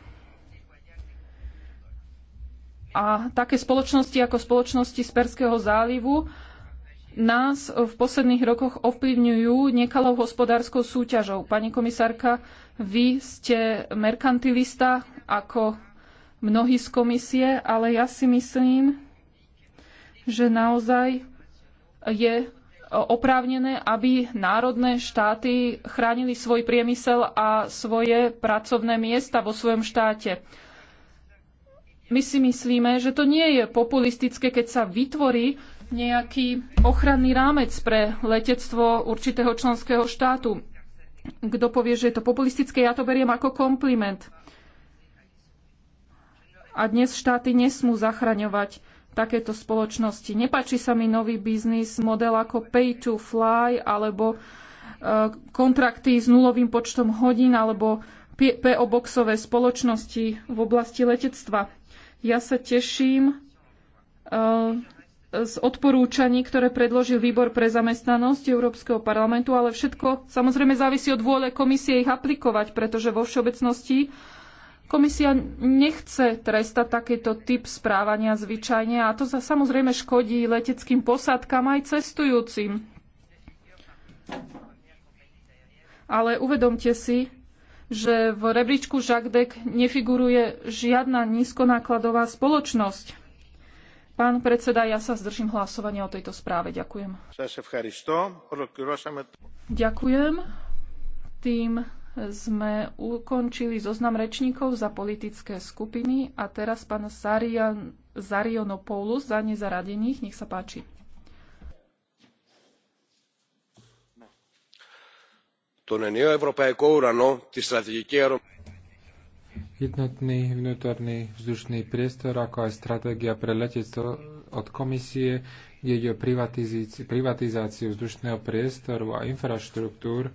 A také spoločnosti ako spoločnosti z Perského zálivu nás v posledných rokoch ovplyvňujú nekalou hospodárskou súťažou. Pani komisárka, vy ste merkantilista ako mnohí z komisie, ale ja si myslím, že naozaj je oprávnené, aby národné štáty chránili svoj priemysel a svoje pracovné miesta vo svojom štáte. My si myslíme, že to nie je populistické, keď sa vytvorí nejaký ochranný rámec pre letectvo určitého členského štátu. Kto povie, že je to populistické, ja to beriem ako kompliment. A dnes štáty nesmú zachraňovať takéto spoločnosti. Nepačí sa mi nový biznis, model ako pay to fly alebo e, kontrakty s nulovým počtom hodín alebo PO boxové spoločnosti v oblasti letectva. Ja sa teším e, z odporúčaní, ktoré predložil výbor pre zamestnanosť Európskeho parlamentu, ale všetko samozrejme závisí od vôle komisie ich aplikovať, pretože vo všeobecnosti Komisia nechce trestať takýto typ správania zvyčajne a to sa samozrejme škodí leteckým posádkam aj cestujúcim. Ale uvedomte si, že v rebríčku Žakdek nefiguruje žiadna nízkonákladová spoločnosť. Pán predseda, ja sa zdržím hlasovania o tejto správe. Ďakujem. Ďakujem. Tým sme ukončili zoznam rečníkov za politické skupiny a teraz pán Sarian, Zarionopoulos za nezaradených. Nech sa páči. Jednotný vnútorný vzdušný priestor, ako aj stratégia pre letectvo od komisie, ide o privatizáciu vzdušného priestoru a infraštruktúr,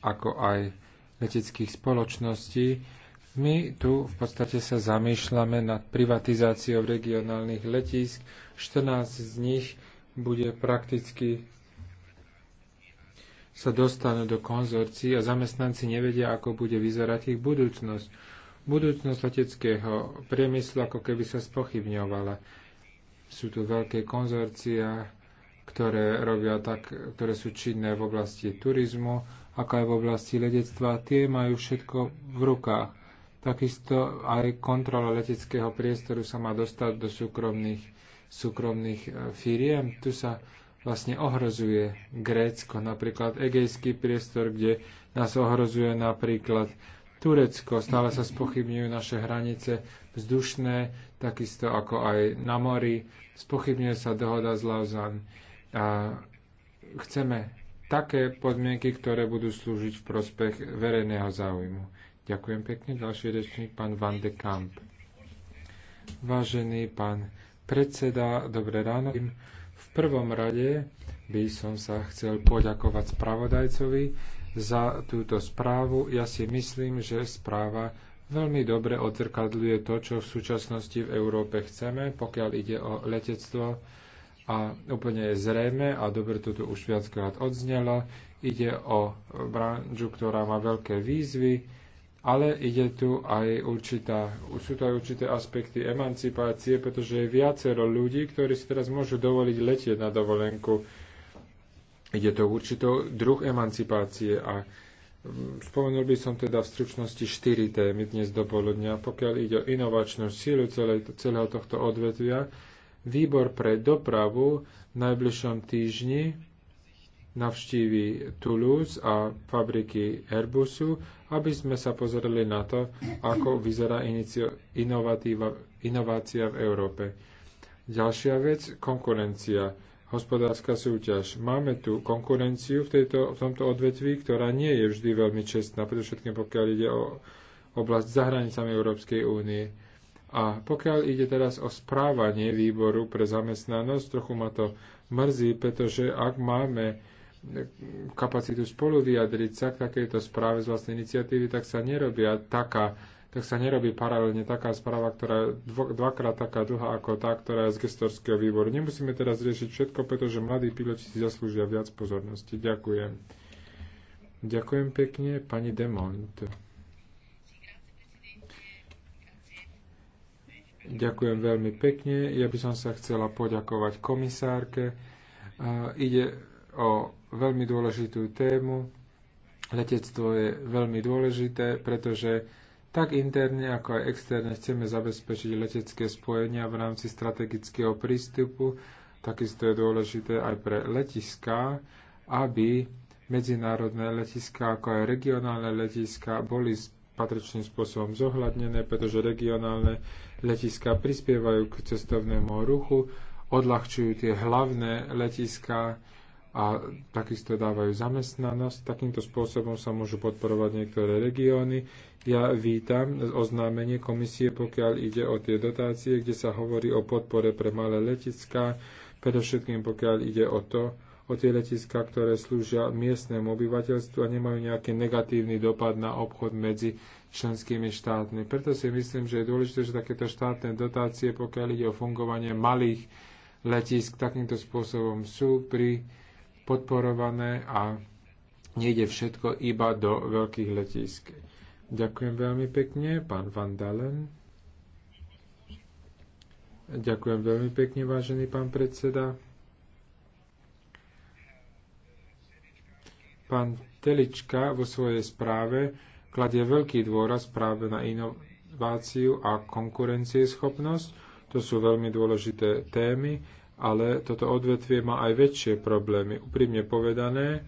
ako aj leteckých spoločností. My tu v podstate sa zamýšľame nad privatizáciou regionálnych letísk. 14 z nich bude prakticky sa dostanú do konzorcií a zamestnanci nevedia, ako bude vyzerať ich budúcnosť. Budúcnosť leteckého priemyslu ako keby sa spochybňovala. Sú tu veľké konzorcia, ktoré, robia tak, ktoré sú činné v oblasti turizmu ako aj v oblasti letectva, tie majú všetko v rukách. Takisto aj kontrola leteckého priestoru sa má dostať do súkromných, súkromných e, firiem. Tu sa vlastne ohrozuje Grécko, napríklad egejský priestor, kde nás ohrozuje napríklad Turecko. Stále sa spochybňujú naše hranice vzdušné, takisto ako aj na mori. Spochybňuje sa dohoda z Lausanne. A chceme také podmienky, ktoré budú slúžiť v prospech verejného záujmu. Ďakujem pekne. Ďalší rečník, pán Van de Kamp. Vážený pán predseda, dobré ráno. V prvom rade by som sa chcel poďakovať spravodajcovi za túto správu. Ja si myslím, že správa veľmi dobre odzrkadľuje to, čo v súčasnosti v Európe chceme, pokiaľ ide o letectvo a úplne je zrejme, a dobre to tu už viackrát odznelo, ide o branžu, ktorá má veľké výzvy, ale ide tu aj určitá, sú tu aj určité aspekty emancipácie, pretože je viacero ľudí, ktorí si teraz môžu dovoliť letieť na dovolenku. Ide to určitý druh emancipácie a mm, spomenul by som teda v stručnosti štyri témy dnes do poludnia. Pokiaľ ide o inovačnú sílu celého tohto odvetvia, Výbor pre dopravu v najbližšom týždni navštívi Toulouse a fabriky Airbusu, aby sme sa pozreli na to, ako vyzerá inovácia v Európe. Ďalšia vec, konkurencia, hospodárska súťaž. Máme tu konkurenciu v, tejto, v tomto odvetví, ktorá nie je vždy veľmi čestná, predovšetkým pokiaľ ide o oblasť za hranicami Európskej únie a pokiaľ ide teraz o správanie výboru pre zamestnanosť, trochu ma to mrzí, pretože ak máme kapacitu spolu vyjadriť sa k takejto správe z vlastnej iniciatívy, tak sa nerobia taká tak sa nerobí paralelne taká správa, ktorá je dvakrát taká dlhá ako tá, ktorá je z gestorského výboru. Nemusíme teraz riešiť všetko, pretože mladí piloti si zaslúžia viac pozornosti. Ďakujem. Ďakujem pekne, pani Demont. Ďakujem veľmi pekne. Ja by som sa chcela poďakovať komisárke. Ide o veľmi dôležitú tému. Letectvo je veľmi dôležité, pretože tak interne ako aj externe chceme zabezpečiť letecké spojenia v rámci strategického prístupu. Takisto je dôležité aj pre letiská, aby medzinárodné letiská ako aj regionálne letiská boli patričným spôsobom zohľadnené, pretože regionálne Letiská prispievajú k cestovnému ruchu, odľahčujú tie hlavné letiská a takisto dávajú zamestnanosť. Takýmto spôsobom sa môžu podporovať niektoré regióny. Ja vítam oznámenie komisie, pokiaľ ide o tie dotácie, kde sa hovorí o podpore pre malé letiská, predovšetkým pokiaľ ide o to, o tie letiská, ktoré slúžia miestnemu obyvateľstvu a nemajú nejaký negatívny dopad na obchod medzi členskými štátmi. Preto si myslím, že je dôležité, že takéto štátne dotácie, pokiaľ ide o fungovanie malých letisk, takýmto spôsobom sú pri podporované a nejde všetko iba do veľkých letisk. Ďakujem veľmi pekne, pán Van Dalen. Ďakujem veľmi pekne, vážený pán predseda. Pán Telička vo svojej správe kladie veľký dôraz práve na inováciu a konkurencieschopnosť. To sú veľmi dôležité témy, ale toto odvetvie má aj väčšie problémy. Úprimne povedané,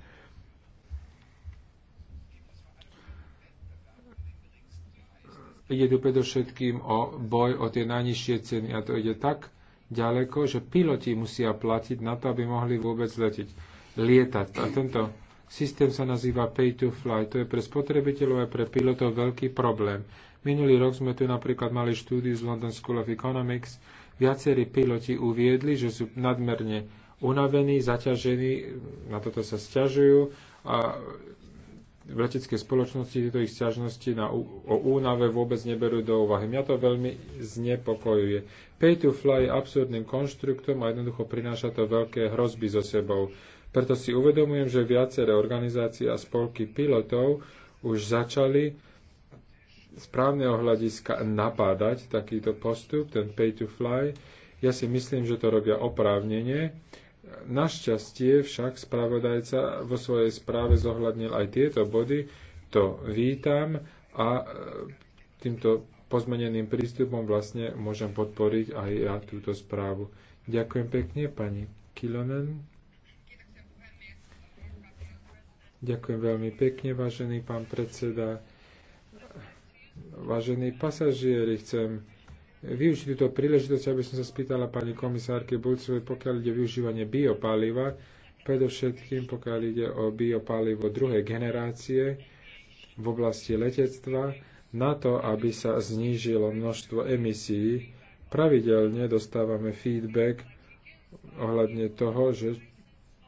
ide tu predovšetkým o boj o tie najnižšie ceny a to ide tak ďaleko, že piloti musia platiť na to, aby mohli vôbec letiť, lietať. A tento Systém sa nazýva Pay to Fly. To je pre spotrebiteľov a pre pilotov veľký problém. Minulý rok sme tu napríklad mali štúdiu z London School of Economics. Viacerí piloti uviedli, že sú nadmerne unavení, zaťažení, na toto sa sťažujú a v leteckej spoločnosti tieto ich sťažnosti na, o únave vôbec neberú do úvahy. Mňa to veľmi znepokojuje. Pay to fly je absurdným konštruktom a jednoducho prináša to veľké hrozby so sebou. Preto si uvedomujem, že viaceré organizácie a spolky pilotov už začali z právneho hľadiska napádať takýto postup, ten pay to fly. Ja si myslím, že to robia oprávnenie. Našťastie však spravodajca vo svojej správe zohľadnil aj tieto body. To vítam a e, týmto pozmeneným prístupom vlastne môžem podporiť aj ja túto správu. Ďakujem pekne, pani Kilonen. Ďakujem veľmi pekne, vážený pán predseda. Vážení pasažieri, chcem využiť túto príležitosť, aby som sa spýtala pani komisárky Bulcovej, pokiaľ ide využívanie biopaliva, predovšetkým pokiaľ ide o biopalivo druhej generácie v oblasti letectva, na to, aby sa znížilo množstvo emisí. Pravidelne dostávame feedback ohľadne toho, že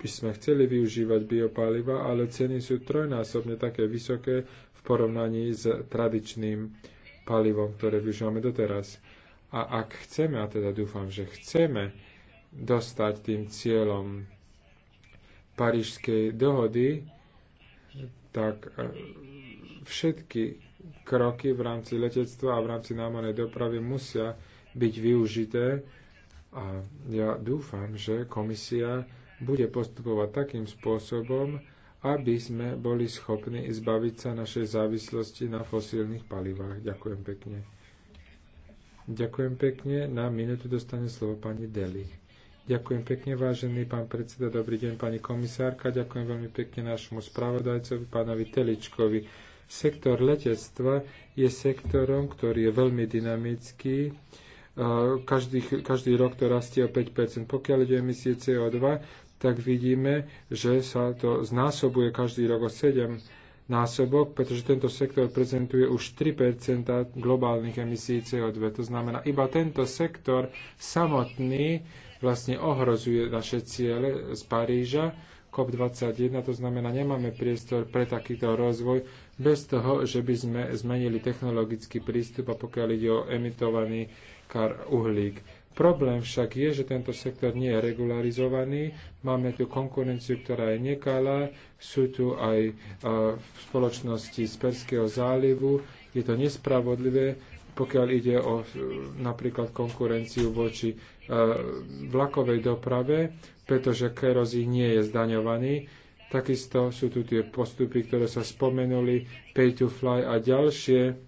by sme chceli využívať biopaliva, ale ceny sú trojnásobne také vysoké v porovnaní s tradičným palivom, ktoré využívame doteraz. A ak chceme, a teda dúfam, že chceme dostať tým cieľom Parížskej dohody, tak e, všetky kroky v rámci letectva a v rámci námornej dopravy musia byť využité a ja dúfam, že komisia bude postupovať takým spôsobom, aby sme boli schopní zbaviť sa našej závislosti na fosílnych palivách. Ďakujem pekne. Ďakujem pekne. Na minútu dostane slovo pani Deli. Ďakujem pekne, vážený pán predseda, dobrý deň, pani komisárka. Ďakujem veľmi pekne našemu spravodajcovi, pánovi Teličkovi. Sektor letectva je sektorom, ktorý je veľmi dynamický každý, každý rok to rastie o 5 Pokiaľ ide o emisie CO2, tak vidíme, že sa to znásobuje každý rok o 7 násobok, pretože tento sektor prezentuje už 3 globálnych emisí CO2. To znamená, iba tento sektor samotný vlastne ohrozuje naše ciele z Paríža, COP21, to znamená, nemáme priestor pre takýto rozvoj bez toho, že by sme zmenili technologický prístup a pokiaľ ide o emitovaný kar uhlík. Problém však je, že tento sektor nie je regularizovaný, máme tu konkurenciu, ktorá je nekalá, sú tu aj a, v spoločnosti z Perského zálivu, je to nespravodlivé, pokiaľ ide o e, napríklad konkurenciu voči a, e, vlakovej doprave, pretože kerozí nie je zdaňovaný. Takisto sú tu tie postupy, ktoré sa spomenuli, pay to fly a ďalšie.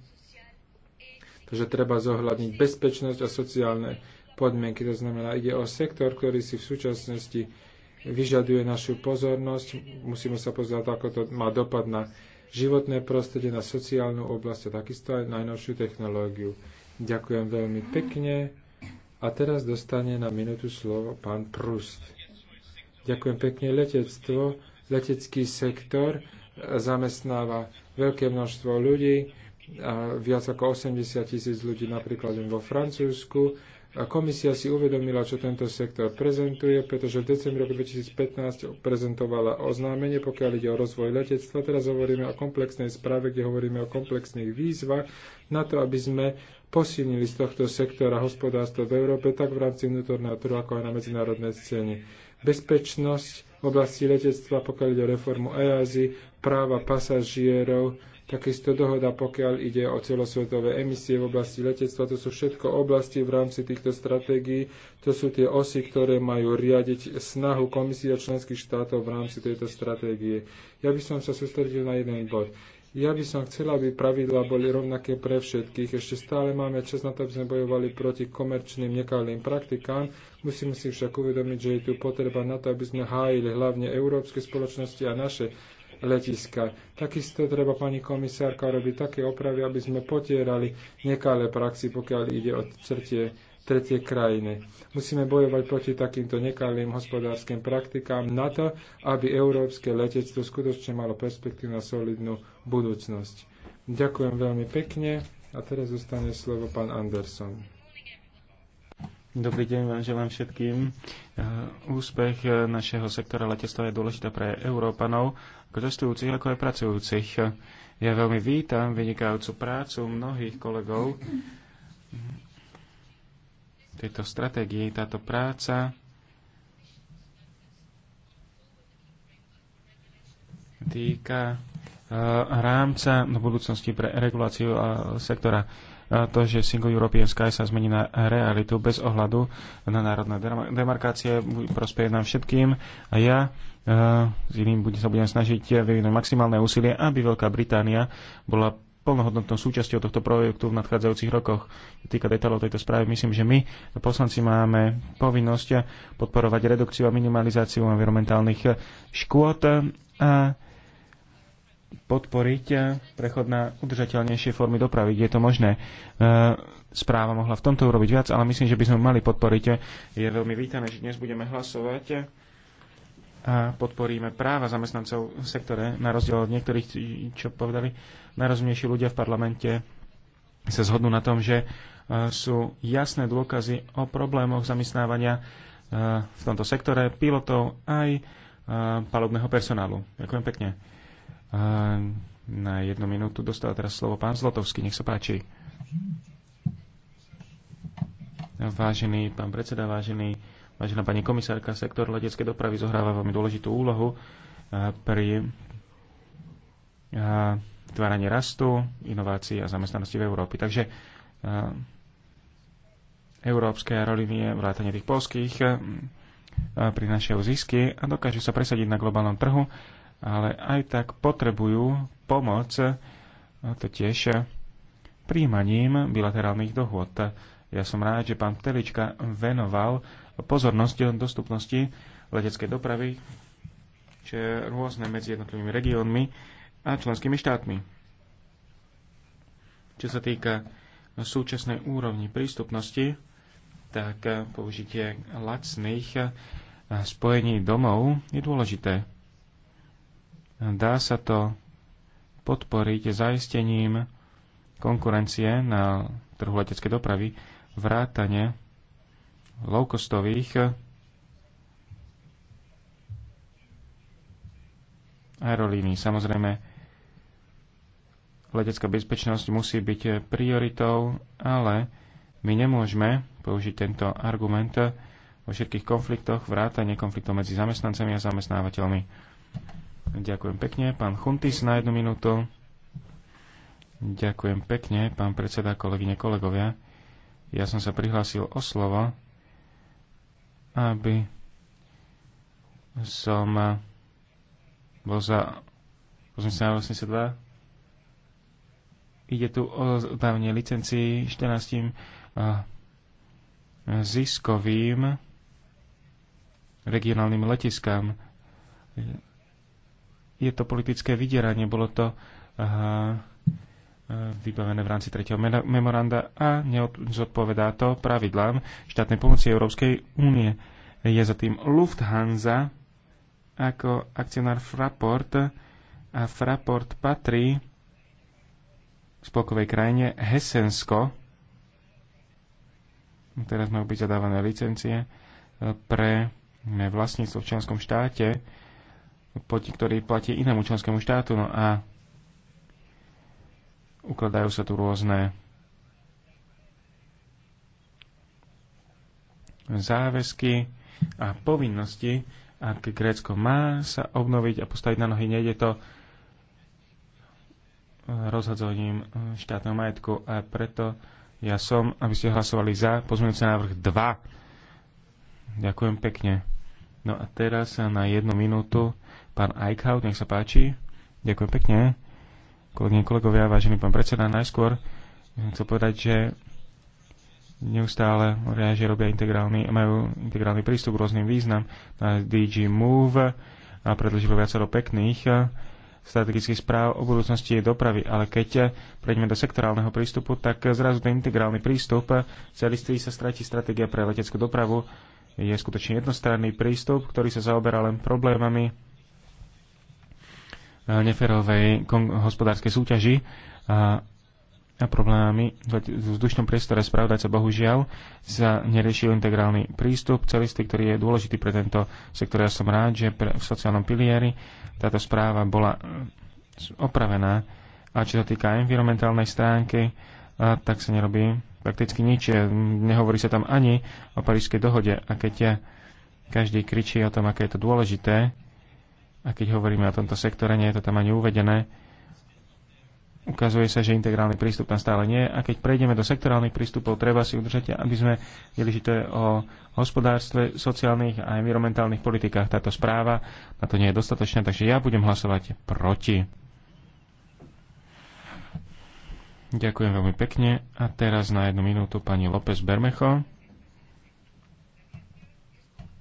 Takže treba zohľadniť bezpečnosť a sociálne podmienky. To znamená, ide o sektor, ktorý si v súčasnosti vyžaduje našu pozornosť. Musíme sa pozrieť, ako to má dopad na životné prostredie, na sociálnu oblasť a takisto aj najnovšiu technológiu. Ďakujem veľmi pekne. A teraz dostane na minútu slovo pán Prust. Ďakujem pekne. Letectvo, letecký sektor zamestnáva veľké množstvo ľudí, viac ako 80 tisíc ľudí napríklad vo Francúzsku a komisia si uvedomila, čo tento sektor prezentuje, pretože v decembri roku 2015 prezentovala oznámenie, pokiaľ ide o rozvoj letectva. Teraz hovoríme o komplexnej správe, kde hovoríme o komplexných výzvach na to, aby sme posilnili z tohto sektora hospodárstvo v Európe, tak v rámci vnútorného trhu, ako aj na medzinárodnej scéne. Bezpečnosť v oblasti letectva, pokiaľ ide o reformu EASY, práva pasažierov, Takisto dohoda, pokiaľ ide o celosvetové emisie v oblasti letectva, to sú všetko oblasti v rámci týchto stratégií, to sú tie osy, ktoré majú riadiť snahu komisie a členských štátov v rámci tejto stratégie. Ja by som sa sústredil na jeden bod. Ja by som chcela, aby pravidlá boli rovnaké pre všetkých. Ešte stále máme čas na to, aby sme bojovali proti komerčným nekalým praktikám. Musíme si však uvedomiť, že je tu potreba na to, aby sme hájili hlavne európske spoločnosti a naše letiska. Takisto treba pani komisárka robiť také opravy, aby sme potierali nekalé praxi, pokiaľ ide o tretie, tretie krajiny. Musíme bojovať proti takýmto nekalým hospodárskym praktikám na to, aby európske letectvo skutočne malo perspektívu na solidnú budúcnosť. Ďakujem veľmi pekne a teraz zostane slovo pán Anderson. Dobrý deň vám želám všetkým. Eh, úspech eh, našeho sektora letectva je dôležitá pre Európanov, ako cestujúcich, ako aj pracujúcich. Ja veľmi vítam vynikajúcu prácu mnohých kolegov tejto stratégie, táto práca týka eh, rámca do budúcnosti pre reguláciu sektora to, že Single European Sky sa zmení na realitu bez ohľadu na národné demarkácie, prospeje nám všetkým a ja e, s iným bude, sa budem snažiť vyvinúť maximálne úsilie, aby Veľká Británia bola plnohodnotnou súčasťou tohto projektu v nadchádzajúcich rokoch. Týka detailov tejto správy, myslím, že my, poslanci, máme povinnosť podporovať redukciu a minimalizáciu environmentálnych škôd a podporiť eh, prechod na udržateľnejšie formy dopravy, kde je to možné. Eh, správa mohla v tomto urobiť viac, ale myslím, že by sme mali podporiť. Eh, je veľmi vítané, že dnes budeme hlasovať a podporíme práva zamestnancov v sektore, na rozdiel od niektorých, čo povedali najrozumnejší ľudia v parlamente sa zhodnú na tom, že sú jasné dôkazy o problémoch zamestnávania v tomto sektore pilotov aj palubného personálu. Ďakujem pekne. Na jednu minútu dostal teraz slovo pán Zlotovský. Nech sa páči. Vážený pán predseda, vážený, vážená pani komisárka, sektor leteckej dopravy zohráva veľmi dôležitú úlohu pri vytváraní rastu, inovácií a zamestnanosti v Európe. Takže európske aerolínie, vrátane tých polských, prinášajú zisky a dokážu sa presadiť na globálnom trhu ale aj tak potrebujú pomoc, to tiež príjmaním bilaterálnych dohôd. Ja som rád, že pán Telička venoval pozornosť dostupnosti leteckej dopravy, čo je rôzne medzi jednotlivými regiónmi a členskými štátmi. Čo sa týka súčasnej úrovni prístupnosti, tak použitie lacných spojení domov je dôležité. Dá sa to podporiť zaistením konkurencie na trhu leteckej dopravy, vrátane low-costových aerolínií. Samozrejme, letecká bezpečnosť musí byť prioritou, ale my nemôžeme použiť tento argument vo všetkých konfliktoch, vrátane konfliktov medzi zamestnancami a zamestnávateľmi. Ďakujem pekne. Pán Chuntis na jednu minútu. Ďakujem pekne, pán predseda, kolegyne, kolegovia. Ja som sa prihlásil o slovo, aby som eh, bol za 82. Ide tu o dávne licencii 14 eh, ziskovým regionálnym letiskám je to politické vydieranie, bolo to aha, eh, vybavené v rámci tretieho memoranda a neodpovedá to pravidlám štátnej pomoci Európskej únie. Je za tým Lufthansa ako akcionár Fraport a Fraport patrí spolkovej krajine Hesensko. Teraz majú byť zadávané licencie eh, pre vlastníctvo v členskom štáte ktorý platí inému členskému štátu. No a ukladajú sa tu rôzne záväzky a povinnosti, ak Grécko má sa obnoviť a postaviť na nohy, nejde to rozhodzovaním štátneho majetku a preto ja som, aby ste hlasovali za pozmeňujúci návrh 2. Ďakujem pekne. No a teraz na jednu minútu Pán Eichhout, nech sa páči. Ďakujem pekne. Kolegyne, kolegovia, vážený pán predseda, najskôr chcem povedať, že neustále hovoria, že robia integrálny, majú integrálny prístup k rôznym význam. Na DG Move a predložilo viacero pekných eh, strategických správ o budúcnosti jej dopravy, ale keď eh, prejdeme do sektorálneho prístupu, tak eh, zrazu ten integrálny prístup celistvý sa stratí stratégia pre leteckú dopravu. Je skutočne jednostranný prístup, ktorý sa zaoberá len problémami neferovej hospodárskej súťaži a, a problémami v vzdušnom priestore spravodajca bohužiaľ sa neriešil integrálny prístup celisty, ktorý je dôležitý pre tento sektor. Ja som rád, že pre, v sociálnom pilieri táto správa bola eh, opravená. A čo sa týka environmentálnej stránky, a tak sa nerobí prakticky nič. Nehovorí sa tam ani o Parížskej dohode. A keď ja každý kričí o tom, aké je to dôležité, a keď hovoríme o tomto sektore, nie je to tam ani uvedené, ukazuje sa, že integrálny prístup tam stále nie. A keď prejdeme do sektorálnych prístupov, treba si udržať, aby sme videli, že to je o hospodárstve, sociálnych a environmentálnych politikách. Táto správa na to nie je dostatočná, takže ja budem hlasovať proti. Ďakujem veľmi pekne. A teraz na jednu minútu pani López Bermecho.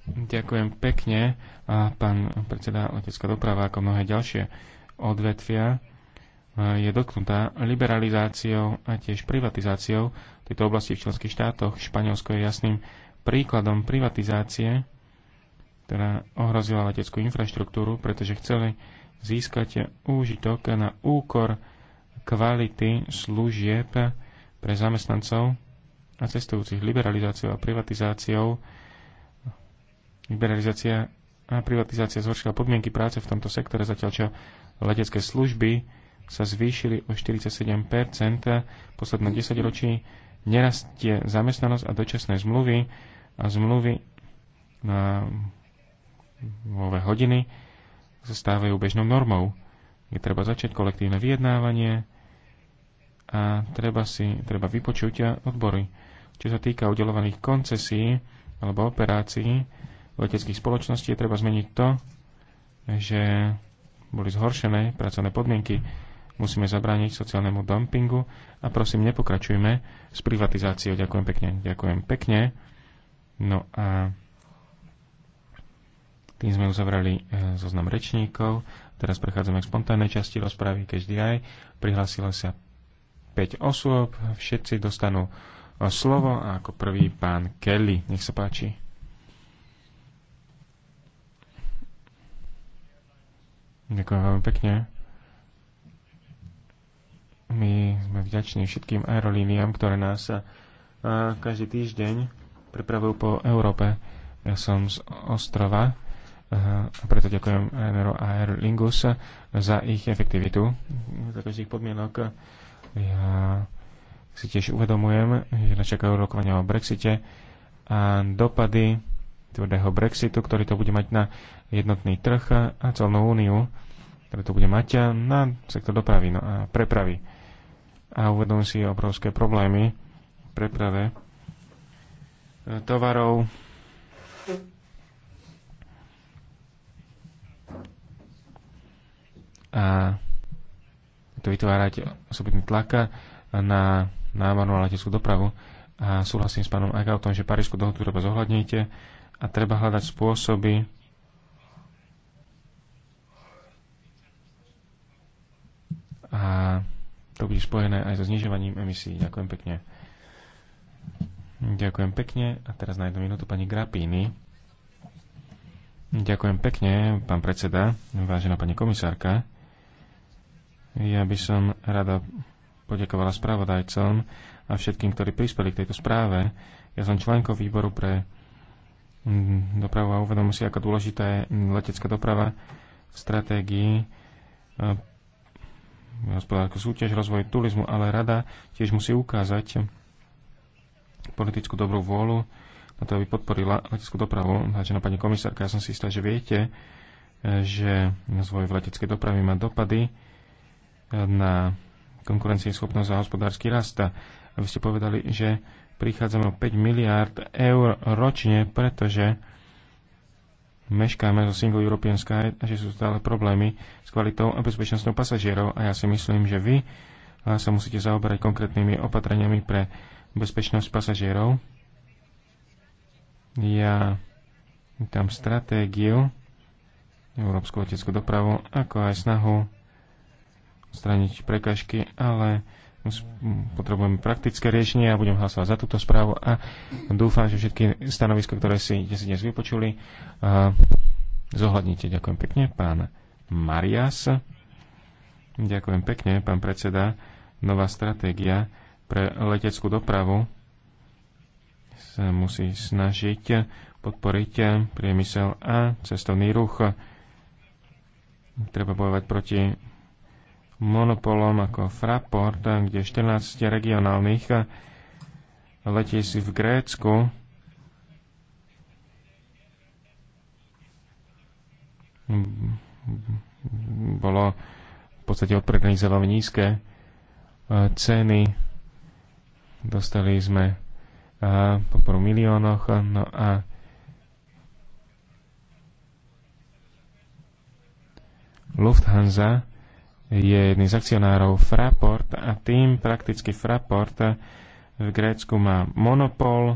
Ďakujem pekne a pán predseda letecká doprava ako mnohé ďalšie odvetvia e, je dotknutá liberalizáciou a tiež privatizáciou tejto oblasti v členských štátoch. Španielsko je jasným príkladom privatizácie, ktorá ohrozila leteckú infraštruktúru, pretože chceli získať úžitok na úkor kvality služieb pre zamestnancov a cestujúcich liberalizáciou a privatizáciou. Liberalizácia a privatizácia zhoršila podmienky práce v tomto sektore, zatiaľ čo letecké služby sa zvýšili o 47 posledné 10 ročí, nerastie zamestnanosť a dočasné zmluvy a zmluvy na nové hodiny sa stávajú bežnou normou. Je treba začať kolektívne vyjednávanie a treba si treba vypočuť odbory. Čo sa týka udelovaných koncesí alebo operácií, leteckých spoločností je treba zmeniť to, že boli zhoršené pracovné podmienky. Musíme zabrániť sociálnemu dumpingu a prosím, nepokračujme s privatizáciou. Ďakujem pekne. Ďakujem pekne. No a tým sme uzavrali e, zoznam rečníkov. Teraz prechádzame k spontánnej časti rozpravy. Každý aj prihlásilo sa 5 osôb. Všetci dostanú e, slovo a ako prvý pán Kelly. Nech sa páči. Ďakujem veľmi pekne. My sme vďační všetkým aerolíniám, ktoré nás každý týždeň pripravujú po Európe. Ja som z ostrova a preto ďakujem Aero a Lingus za ich efektivitu za každých podmienok. Ja si tiež uvedomujem, že nás čakajú rokovania o Brexite a dopady tvrdého Brexitu, ktorý to bude mať na jednotný trh a celnú úniu, ktoré to bude mať na sektor dopravy no a prepravy. A uvedom si obrovské problémy v preprave e, tovarov, a to vytvárať osobitný tlak na námornú a leteckú dopravu. A súhlasím s pánom Agautom, že Parížskú dohodu treba zohľadniť a treba hľadať spôsoby, a to bude spojené aj so znižovaním emisí. Ďakujem pekne. Ďakujem pekne. A teraz na jednu minútu pani Grapíny. Ďakujem pekne, pán predseda, vážená pani komisárka. Ja by som rada poďakovala spravodajcom a všetkým, ktorí prispeli k tejto správe. Ja som členkou výboru pre Mhm, dopravu a uvedomu si, ako dôležitá je letecká doprava v stratégii eh, hospodárskej súťaž, rozvoj turizmu, ale rada tiež musí ukázať politickú dobrú vôľu na to, aby podporila leteckú dopravu. Vážená pani komisárka, ja som si istá, že viete, eh, že rozvoj v leteckej dopravy má dopady eh, na konkurencieschopnosť a hospodársky rast. A vy ste povedali, že prichádzame o 5 miliard eur ročne, pretože meškáme zo Single European Sky a že sú stále problémy s kvalitou a bezpečnosťou pasažierov a ja si myslím, že vy sa musíte zaoberať konkrétnymi opatreniami pre bezpečnosť pasažierov. Ja tam stratégiu, európsku leteckú dopravu, ako aj snahu straniť prekažky, ale Hm, potrebujeme praktické riešenie a budem hlasovať za túto správu a dúfam, že všetky stanovisko, ktoré si, si dnes vypočuli, zohľadnite. Ďakujem pekne, pán Marias. Ďakujem pekne, pán predseda. Nová stratégia pre leteckú dopravu sa musí snažiť podporiť priemysel a cestovný ruch. Treba bojovať proti monopolom ako Fraport, kde 14 regionálnych si v Grécku bolo v podstate odpredaných nízke e, ceny. Dostali sme e, podporu miliónoch no a Lufthansa je jedný z akcionárov Fraport a tým prakticky Fraport v Grécku má monopol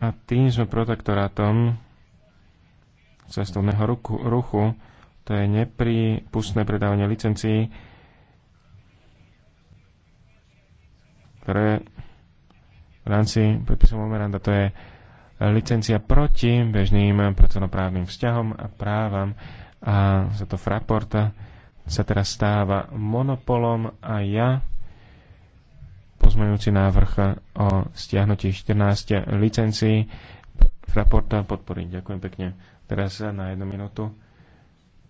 a tým sme protektorátom cestovného ruchu, ruchu to je nepripustné predávanie licencií, ktoré v rámci predpisov omeranda, to je licencia proti bežným pracovnoprávnym vzťahom a právam a za to Fraporta sa teraz stáva monopolom a ja pozmeňujúci návrh o stiahnutí 14 licencií Fraporta podporím. Ďakujem pekne. Teraz na jednu minútu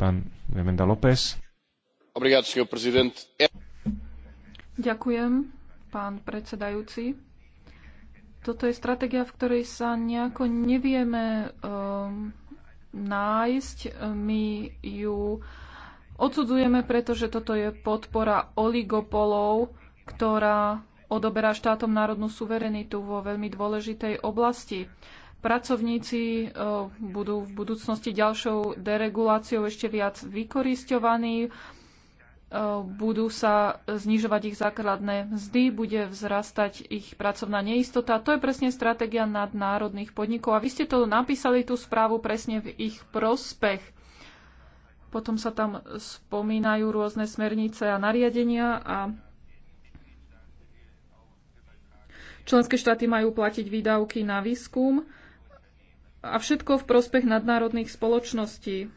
pán Vemenda López. Ďakujem, pán predsedajúci. Toto je stratégia, v ktorej sa nejako nevieme um, nájsť. My ju odsudzujeme, pretože toto je podpora oligopolov, ktorá odoberá štátom národnú suverenitu vo veľmi dôležitej oblasti. Pracovníci e, budú v budúcnosti ďalšou dereguláciou ešte viac vykorisťovaní Eh, budú sa znižovať ich základné mzdy, bude vzrastať ich pracovná neistota. To je presne stratégia nadnárodných podnikov. A vy ste to napísali, tú správu, presne v ich prospech. Potom sa tam spomínajú rôzne smernice a nariadenia a členské štáty majú platiť výdavky na výskum a všetko v prospech nadnárodných spoločností.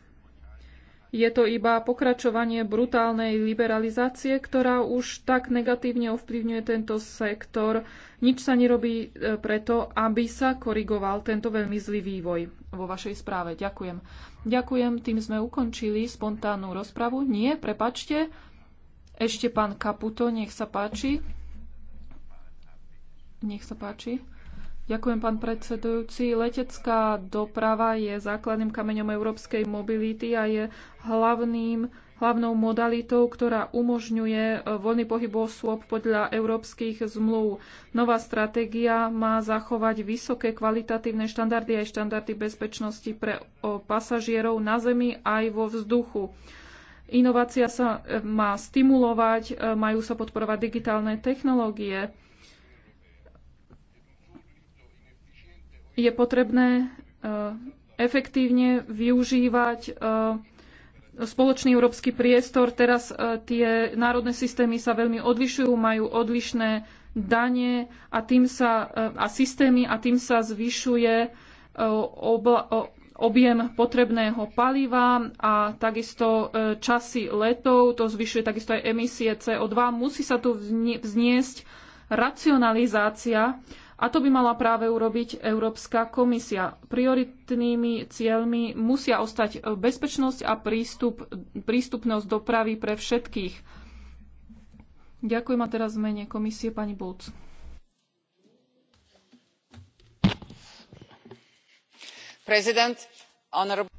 Je to iba pokračovanie brutálnej liberalizácie, ktorá už tak negatívne ovplyvňuje tento sektor. Nič sa nerobí e, preto, aby sa korigoval tento veľmi zlý vývoj vo vašej správe. Ďakujem. Ďakujem, tým sme ukončili spontánnu rozpravu. Nie, prepačte. Ešte pán Kaputo, nech sa páči. Nech sa páči. Ďakujem, pán predsedujúci. Letecká doprava je základným kameňom európskej mobility a je hlavným, hlavnou modalitou, ktorá umožňuje e, voľný pohyb osôb podľa európskych zmluv. Nová stratégia má zachovať vysoké kvalitatívne štandardy aj štandardy bezpečnosti pre pasažierov na zemi aj vo vzduchu. Inovácia sa e, má stimulovať, e, majú sa podporovať digitálne technológie je potrebné e, efektívne využívať e, spoločný európsky priestor. Teraz e, tie národné systémy sa veľmi odlišujú, majú odlišné dane a, tým sa, a systémy a tým sa zvyšuje obla, objem potrebného paliva a takisto časy letov, to zvyšuje takisto aj emisie CO2. Musí sa tu vzniesť racionalizácia a to by mala práve urobiť Európska komisia. Prioritnými cieľmi musia ostať bezpečnosť a prístup, prístupnosť dopravy pre všetkých. Ďakujem a teraz mene komisie pani Bulc. Prezident, honorable...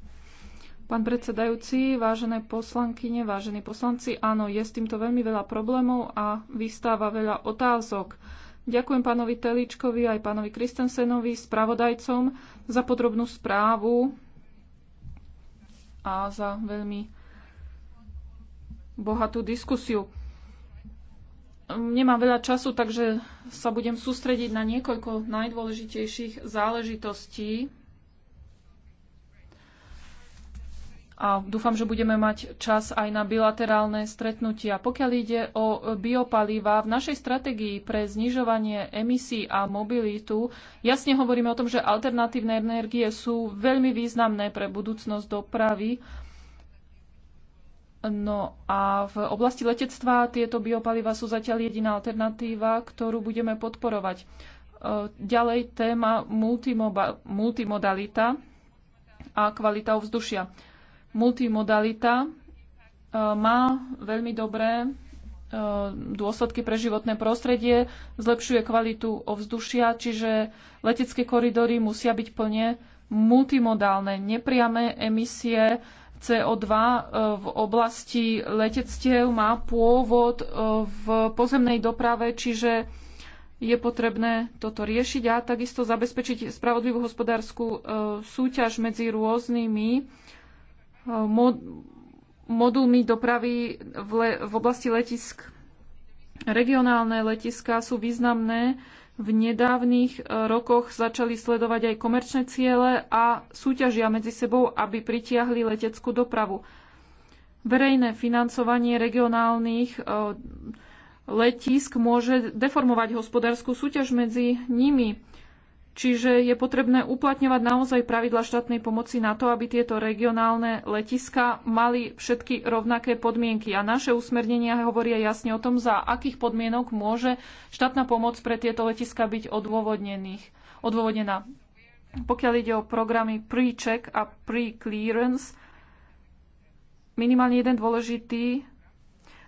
Pán predsedajúci, vážené poslankyne, vážení poslanci, áno, je s týmto veľmi veľa problémov a vystáva veľa otázok. Ďakujem pánovi Teličkovi aj pánovi Kristensenovi, spravodajcom, za podrobnú správu a za veľmi bohatú diskusiu. Nemám veľa času, takže sa budem sústrediť na niekoľko najdôležitejších záležitostí a dúfam, že budeme mať čas aj na bilaterálne stretnutia. Pokiaľ ide o biopalíva, v našej stratégii pre znižovanie emisí a mobilitu jasne hovoríme o tom, že alternatívne energie sú veľmi významné pre budúcnosť dopravy. No a v oblasti letectva tieto biopaliva sú zatiaľ jediná alternatíva, ktorú budeme podporovať. E, ďalej téma multimodalita a kvalita ovzdušia. Multimodalita eh, má veľmi dobré eh, dôsledky pre životné prostredie, zlepšuje kvalitu ovzdušia, čiže letecké koridory musia byť plne multimodálne, nepriame emisie CO2 eh, v oblasti letectiev má pôvod v pozemnej doprave, čiže je potrebné toto riešiť a takisto zabezpečiť spravodlivú hospodárskú súťaž medzi rôznymi mod- modulmi dopravy v, le- v oblasti letisk. Regionálne letiská sú významné. V nedávnych e, rokoch začali sledovať aj komerčné ciele a súťažia medzi sebou, aby pritiahli leteckú dopravu. Verejné financovanie regionálnych e, letisk môže deformovať hospodárskú súťaž medzi nimi. Čiže je potrebné uplatňovať naozaj pravidla štátnej pomoci na to, aby tieto regionálne letiska mali všetky rovnaké podmienky. A naše usmernenia hovoria jasne o tom, za akých podmienok môže štátna pomoc pre tieto letiska byť odôvodnená. Pokiaľ ide o programy pre-check a pre-clearance, minimálne jeden dôležitý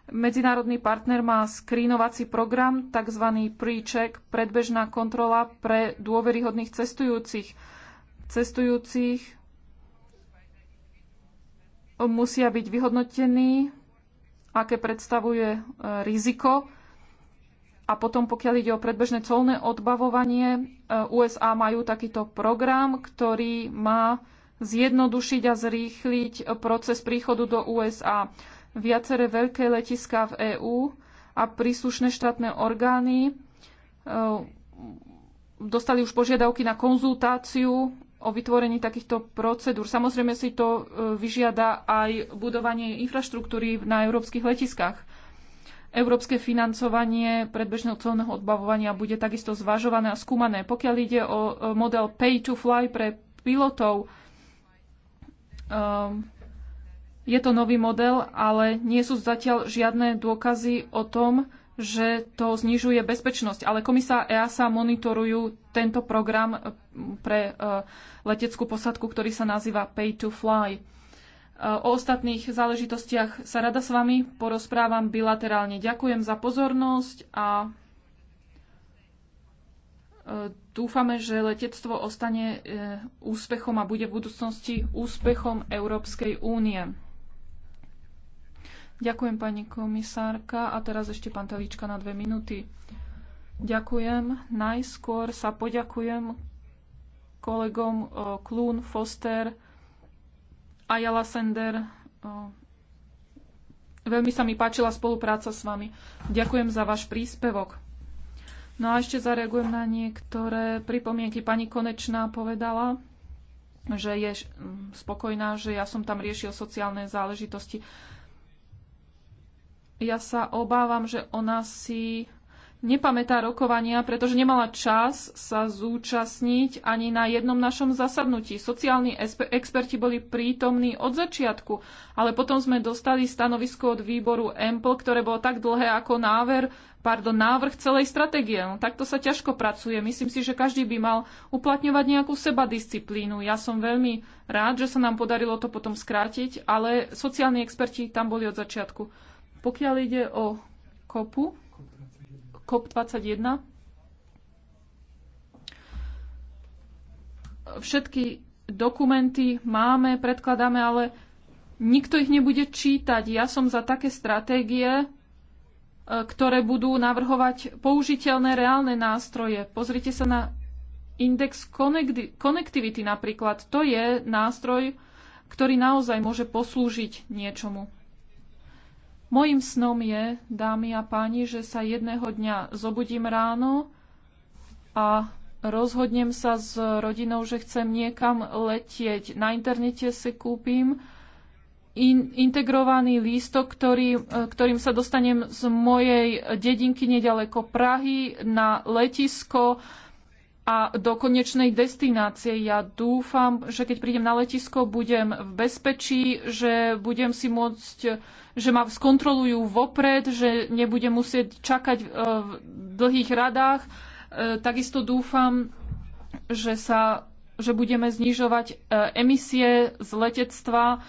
Medzinárodný partner má skrínovací program, tzv. pre-check, predbežná kontrola pre dôveryhodných cestujúcich. Cestujúcich musia byť vyhodnotení, aké predstavuje e, riziko. A potom, pokiaľ ide o predbežné colné odbavovanie, e, USA majú takýto program, ktorý má zjednodušiť a zrýchliť proces príchodu do USA viaceré veľké letiská v EÚ a príslušné štátne orgány e, dostali už požiadavky na konzultáciu o vytvorení takýchto procedúr. Samozrejme si to e, vyžiada aj budovanie infraštruktúry na európskych letiskách. Európske financovanie predbežného celného odbavovania bude takisto zvažované a skúmané. Pokiaľ ide o e, model pay to fly pre pilotov, um, je to nový model, ale nie sú zatiaľ žiadne dôkazy o tom, že to znižuje bezpečnosť. Ale komisa EASA monitorujú tento program eh, pre eh, leteckú posadku, ktorý sa nazýva Pay to Fly. Eh, o ostatných záležitostiach sa rada s vami porozprávam bilaterálne. Ďakujem za pozornosť a dúfame, že letectvo ostane úspechom a bude v budúcnosti úspechom Európskej únie. Ďakujem pani komisárka a teraz ešte pán Telička na dve minúty. Ďakujem. Najskôr sa poďakujem kolegom eh, Klún, Foster, Ayala Sender. Eh, veľmi sa mi páčila spolupráca s vami. Ďakujem za váš príspevok. No a ešte zareagujem na niektoré pripomienky. Pani Konečná povedala, že je hm, spokojná, že ja som tam riešil sociálne záležitosti ja sa obávam, že ona si nepamätá rokovania, pretože nemala čas sa zúčastniť ani na jednom našom zasadnutí. Sociálni experti boli prítomní od začiatku, ale potom sme dostali stanovisko od výboru EMPL, ktoré bolo tak dlhé ako náver, pardon, návrh celej stratégie. No, takto sa ťažko pracuje. Myslím si, že každý by mal uplatňovať nejakú sebadisciplínu. Ja som veľmi rád, že sa nám podarilo to potom skrátiť, ale sociálni experti tam boli od začiatku. Pokiaľ ide o kopu, COP21, všetky dokumenty máme, predkladáme, ale nikto ich nebude čítať. Ja som za také stratégie, e, ktoré budú navrhovať použiteľné reálne nástroje. Pozrite sa na index konektivity napríklad. To je nástroj, ktorý naozaj môže poslúžiť niečomu. Mojím snom je, dámy a páni, že sa jedného dňa zobudím ráno a rozhodnem sa s rodinou, že chcem niekam letieť. Na internete si kúpim in, integrovaný lístok, ktorý, e, ktorým sa dostanem z mojej dedinky nedaleko Prahy na letisko a do konečnej destinácie. Ja dúfam, že keď prídem na letisko, budem v bezpečí, že budem si môcť že ma skontrolujú vopred, že nebudem musieť čakať e, v dlhých radách. E, takisto dúfam, že, sa, že budeme znižovať e, emisie z letectva.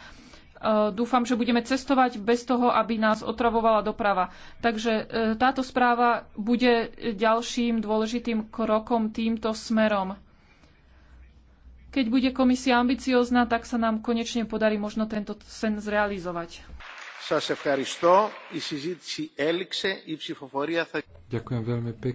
Dúfam, že budeme cestovať bez toho, aby nás otravovala doprava. Takže táto správa bude ďalším dôležitým krokom týmto smerom. Keď bude komisia ambiciozná, tak sa nám konečne podarí možno tento sen zrealizovať. Ďakujem veľmi pekne.